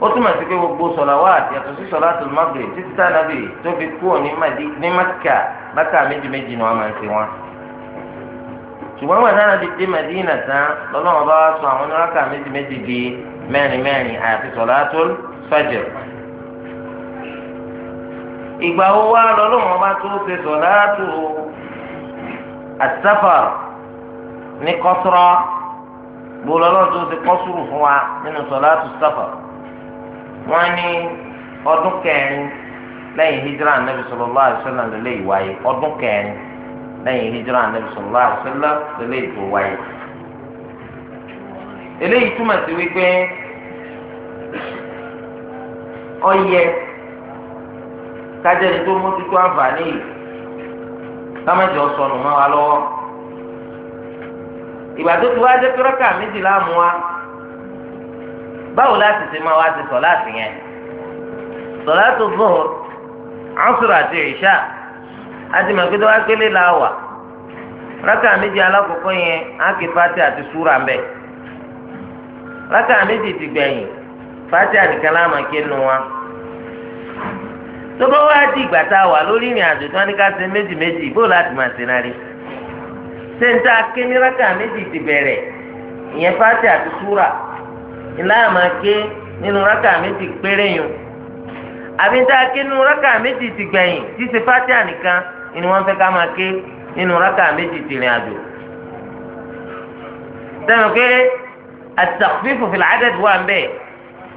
[SPEAKER 2] ó túmọ̀ sí pé gbogbo sọ̀làwà àti yàtọ̀ sí sọ̀là tó magre títí tànàbì tó fi kúrò ní mẹ́kà mẹ́kà méjì méjì ni wọ́n máa ń ṣe wọn. ṣùgbọ́n wọn náà ti dé Madina tán lọ́lọ́wọ́ bá wá sọ àwọn oníraka méjì méjì di mẹ́rin mẹ́rin àti sọ̀là tó fajr. ìgbà wo wá lọ́lọ́wọ́ bá tó ṣe sọ̀là tó àtàfà ní kọ́sọ́rọ́ gbọ́dọ̀ lọ́dún tó ṣe kọ́sùrù fún wa nínú sọ̀là tó wọ́n ní ọdún kẹrin lẹ́yìn hijira anabi sallallahu alaihi wasallam lọlẹ ìwáyé ọdún kẹrin lẹ́yìn hijira anabi sallallahu alaihi wasallam lọlẹ ìtò wáyé eléyìí túmọ̀ sí wípé ọyẹ kájẹ́ni tó mójútó àǹfààní yìí kámẹ́jọ sọnù mọ́ wa lọ́wọ́ ìgbà tó ti wá dé pẹ́rọ́kà méjìlá mu wa. báwo láti ṣe máa wá ṣe sọ̀láàtì yẹn sọ̀láàtì zuhur asr àti ìṣá àti màgbédé wá wa la wà rákà méjì alákòókò yẹn ákè fati àti súra mbẹ rákà méjì ti gbẹ̀yìn fati ke láàmà ké nu wa tó bá wá di ìgbà tá a wà lórí ìrìn àjò tí wọn ní ká ṣe méjì méjì bó láti náà rí ṣé n ti bẹ̀rẹ̀ ìyẹn fati àti súra. ńlá máa ké nínú rákà méjì péré yun àbí tá a ké nínú rákà méjì ti gbẹ̀yìn tí ṣe fátíà nìkan ni wọ́n fẹ́ ká máa ké nínú rákà méjì ti rìn àjò. sẹ́nu pé àtàkùfífù fìlà àdẹ́dù wà ń bẹ̀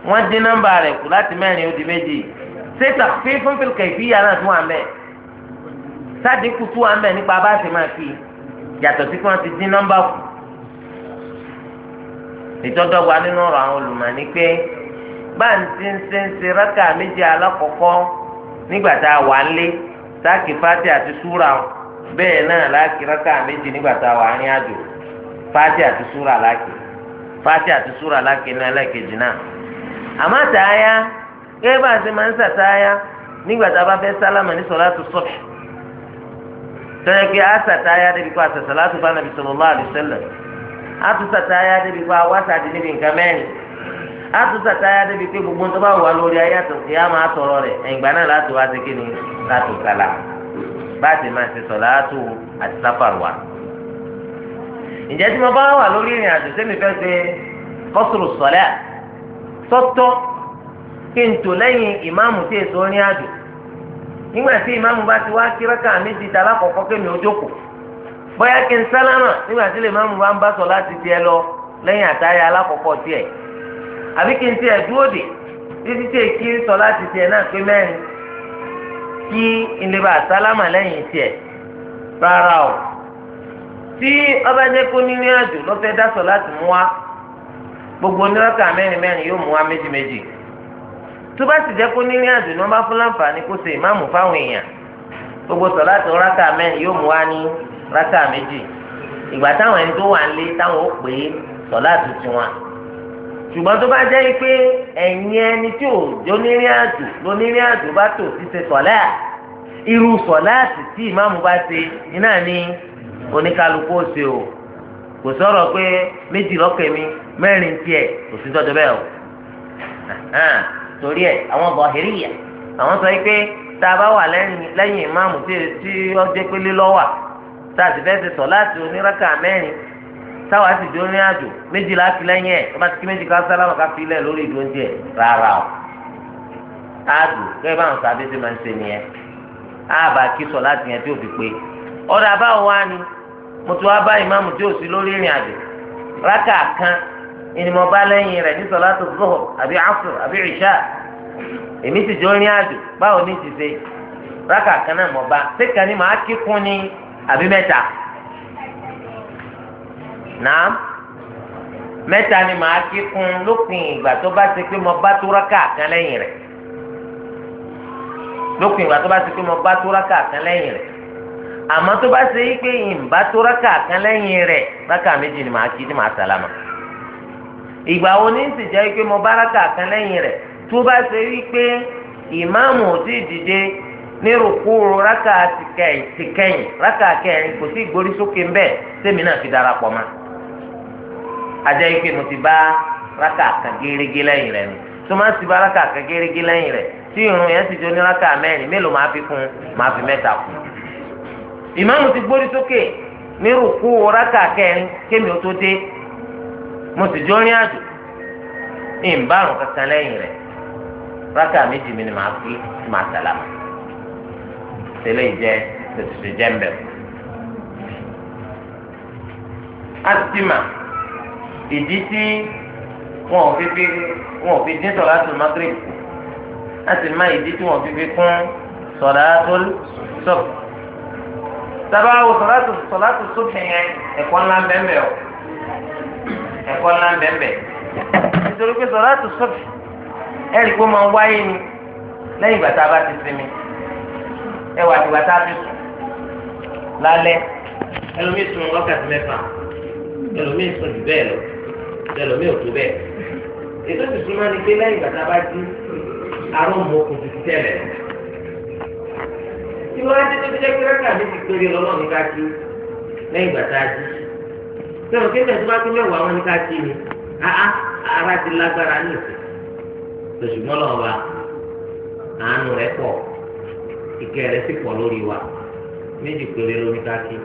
[SPEAKER 2] wọ́n dín nọ́mbà rẹ̀ kù láti mẹ́rin ó di méjì ṣé tàkùfífù fìlà kẹ̀kíyà náà tún wà ń bẹ̀ sádìkù tún wà ń bẹ̀ nípa bá a ṣe máa kí yàtọ̀ sí kí wọ́n ti dín nọ́mbà kù. ìtọ́dọ́gba nínú ọ̀rọ̀ àwọn olùmọ̀ pé báńtí ń ṣe ń ṣe rákà méjì alákọ̀ọ́kọ́ nígbà tá a wà ń lé sáàkì fati àti súra bẹ́ẹ̀ náà láàkì rákà méjì nígbà tá a wà fati àti súra láàkì fati àti súra láàkì ní ẹlẹ́kejì náà àmọ́ tààyà gẹ́gẹ́ bá a ṣe máa ń nígbà tá a bá fẹ́ sálámà ní kí àtúntà ya débi pé awáta di níbi nǹkan mẹ́rin àtúntà táyà débi pé gbogbo tó wa lori lórí ayé àtòkè á máa tọrọ rẹ̀ ẹ̀ǹgbà náà láti wá sí kíni láti sàlà bá ti máa ṣe sọ̀lá àtò àti sáfàrùwà. ǹjẹ́ tí lórí ìrìn àjò sẹ́mi fẹ́ ṣe kọ́sùrù sọ̀lá sọ́tọ́ kí n tò lẹ́yìn ìmáàmù tí èso rìn àjò nígbà tí ìmáàmù bá ti wá bóyá kí n sálámà nígbà tí lè máàmù bá ń bá sọ láti lọ lẹ́yìn àtàyà alákọ̀ọ́kọ́ tiẹ̀ àbí kí n tiẹ̀ dúró dè títí tí èkí ń sọ láti tiẹ̀ náà pé mẹ́rin kí n lè bá sálámà lẹ́yìn tiẹ̀ rárá o tí ọba jẹ́ kó nínú àjò lọ́fẹ́ láti gbogbo mẹ́rin mẹ́rin yóò mú wa méjì méjì tó bá gbogbo sọ láti mẹ́rin rákà méjì ìgbà táwọn ẹni tó wà ń lé táwọn ó pè é sọlá tuntun wa ṣùgbọ́n tó bá jẹ́ pé ẹ̀yin ẹni tí ò jónírìn àjò lónírìn àjò bá tò ṣíṣe sọlá irú sọlá tí ìmáàmù bá ṣe iná ní oníkálukú ó ṣe o kò sọ̀rọ̀ pé méjì lọ́kẹ́ mi mẹ́rin tiẹ̀ kò sí tọ́jú bẹ́ẹ̀ o torí ẹ̀ àwọn Zahiriyya àwọn sọ pé tá a bá wà lẹ́yìn ìmáàmù tí ọjọ́ pélé lọ́wà tá a ti fẹ́ ṣe sọ láti oníraka mẹ́rin táwa sì di orin àjò méjìlá fi lẹ́yìn ẹ̀ ọba ti kí méjì ká sálámà ká fi lẹ̀ lórí ìdó oúnjẹ rárá o àjò kẹ́ẹ́ bá àwọn sábẹ́ ṣe máa ń ṣe nìyẹn àbá kí sọ láti lórí ìrìn àjò kan ìnìmọ̀ bá lẹ́yìn rẹ̀ ní àbí mẹ́ta náà mẹ́ta ni màá kí kún lópin ìgbà tó bá ti pé mo bá tó rákà kan lẹ́yìn rẹ̀ lópin ìgbà tó bá ti pé mo bá tó rákà kan lẹ́yìn rẹ̀ àmọ́ tó bá ṣe pé ìbá tó rákà kan lẹ́yìn rẹ̀ rákà méjì ni màá kí ni màá sàlámà ìgbà wo ní sì jẹ́ pé mo bá ní rúkúrú raka ti kẹyìn rákà kẹrin kò sí ìgbórí sókè ń bẹ sẹmi náà fi darapọ̀ ma ajẹ́ ike mo ti bá raka kan gérégé lẹ́yìn rẹ̀ nù tó ti bá raka kan gérégé lẹ́yìn rẹ̀ irun yẹn raka mẹ́rin mélòó máa fi kún máa fi mẹ́ta kún ìmáàmù ti gbórí sókè ní rúkúrú rákà kémi ó tó dé mo àjò ní kankan tẹ́lẹ̀ ìjẹ́ tòṣìṣẹ́ jẹ́ńbẹ̀. asima ìdí tí wọn ò fi fi wọn ò fi dín sọ̀rọ̀ àti magrib láti má ìdí tí wọn ò fi fi kún sọ̀rọ̀ àti sọ̀rọ̀ sábà wo sọ̀rọ̀ sọ̀rọ̀ àti sọ̀rọ̀ yẹn ẹ̀kọ́ ńlá bẹ́ẹ̀ o ẹ̀kọ́ ńlá bẹ́ẹ̀ nítorí pé sọ̀rọ̀ àti sọ̀rọ̀ ẹ̀rí pé ó máa wáyé ni lẹ́yìn ìgbà tá a bá ti sinmi ẹwà àtìgbà tá a fi sùn lálẹ́ ẹlòmíì sùn wákàtí mẹ́fà ẹlòmíì sùn jù bẹ́ẹ̀ lọ ẹlòmíì ò tó bẹ́ẹ̀ ètò ti súnmọ́ ni pé lẹ́yìn ìgbà tá a bá jí arọ́ mọ́ kò ti tẹ́lẹ̀ tí wọ́n á dé tó ti jẹ́ pé rákà mi ti péré lọ́nà mi ká kí lẹ́yìn ìgbà a jí sọ̀rọ̀ kí ẹ̀sìn bá tún mẹ́wàá wọn ní ká kí ni ara ti lágbára ní ìsìn lọ́sùgbọ́n lọ́wọ́ àánú rẹ̀ pọ̀ ìkẹ́ rẹ̀ sì pọ̀ lórí wa méjì péré lóníkákí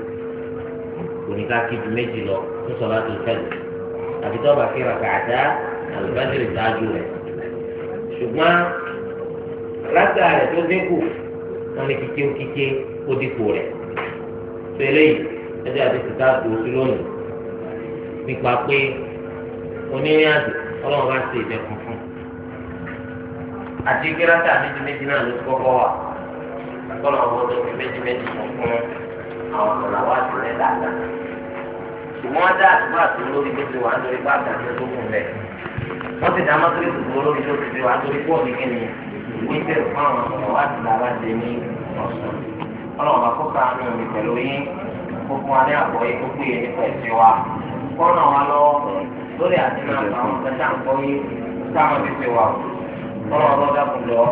[SPEAKER 2] oníkákí ju méjì lọ ní sọlá tó tẹ̀lé àti tọ́ba kí ra kàdá àlùbáṣẹ́rì ṣáájú rẹ̀ ṣùgbọ́n rákà rẹ̀ tó dínkù wọn ni kíkéwó kíké ó dínkù rẹ̀ tẹ́lẹ̀ yìí ẹjẹ́ àti tìta dùn sí lónìí nípa pé onírìn àjò ọlọ́run bá ṣe ìdẹ̀kùn fún àti kíráta méjì méjì náà ló ti kọ́kọ́ wà kọ́nà wọlé ní méjìméjì fún àwọn ọ̀nà wà tó lẹ́ dáadáa. ṣùgbọ́n dá àdúgbò àti olórí méjì wà lórí bàtà tó tó kù lẹ̀. wọ́n ti dá mọ́tò ìdìbò olórí tó ti wà lórí bọ́ọ̀lù kìíní ìwé bẹ̀rù fún àwọn ọ̀nà wà tó làbá dé ní ọ̀sán. ọlọ́run bá kó kàánú mi pẹ̀lú yín
[SPEAKER 1] gbogbo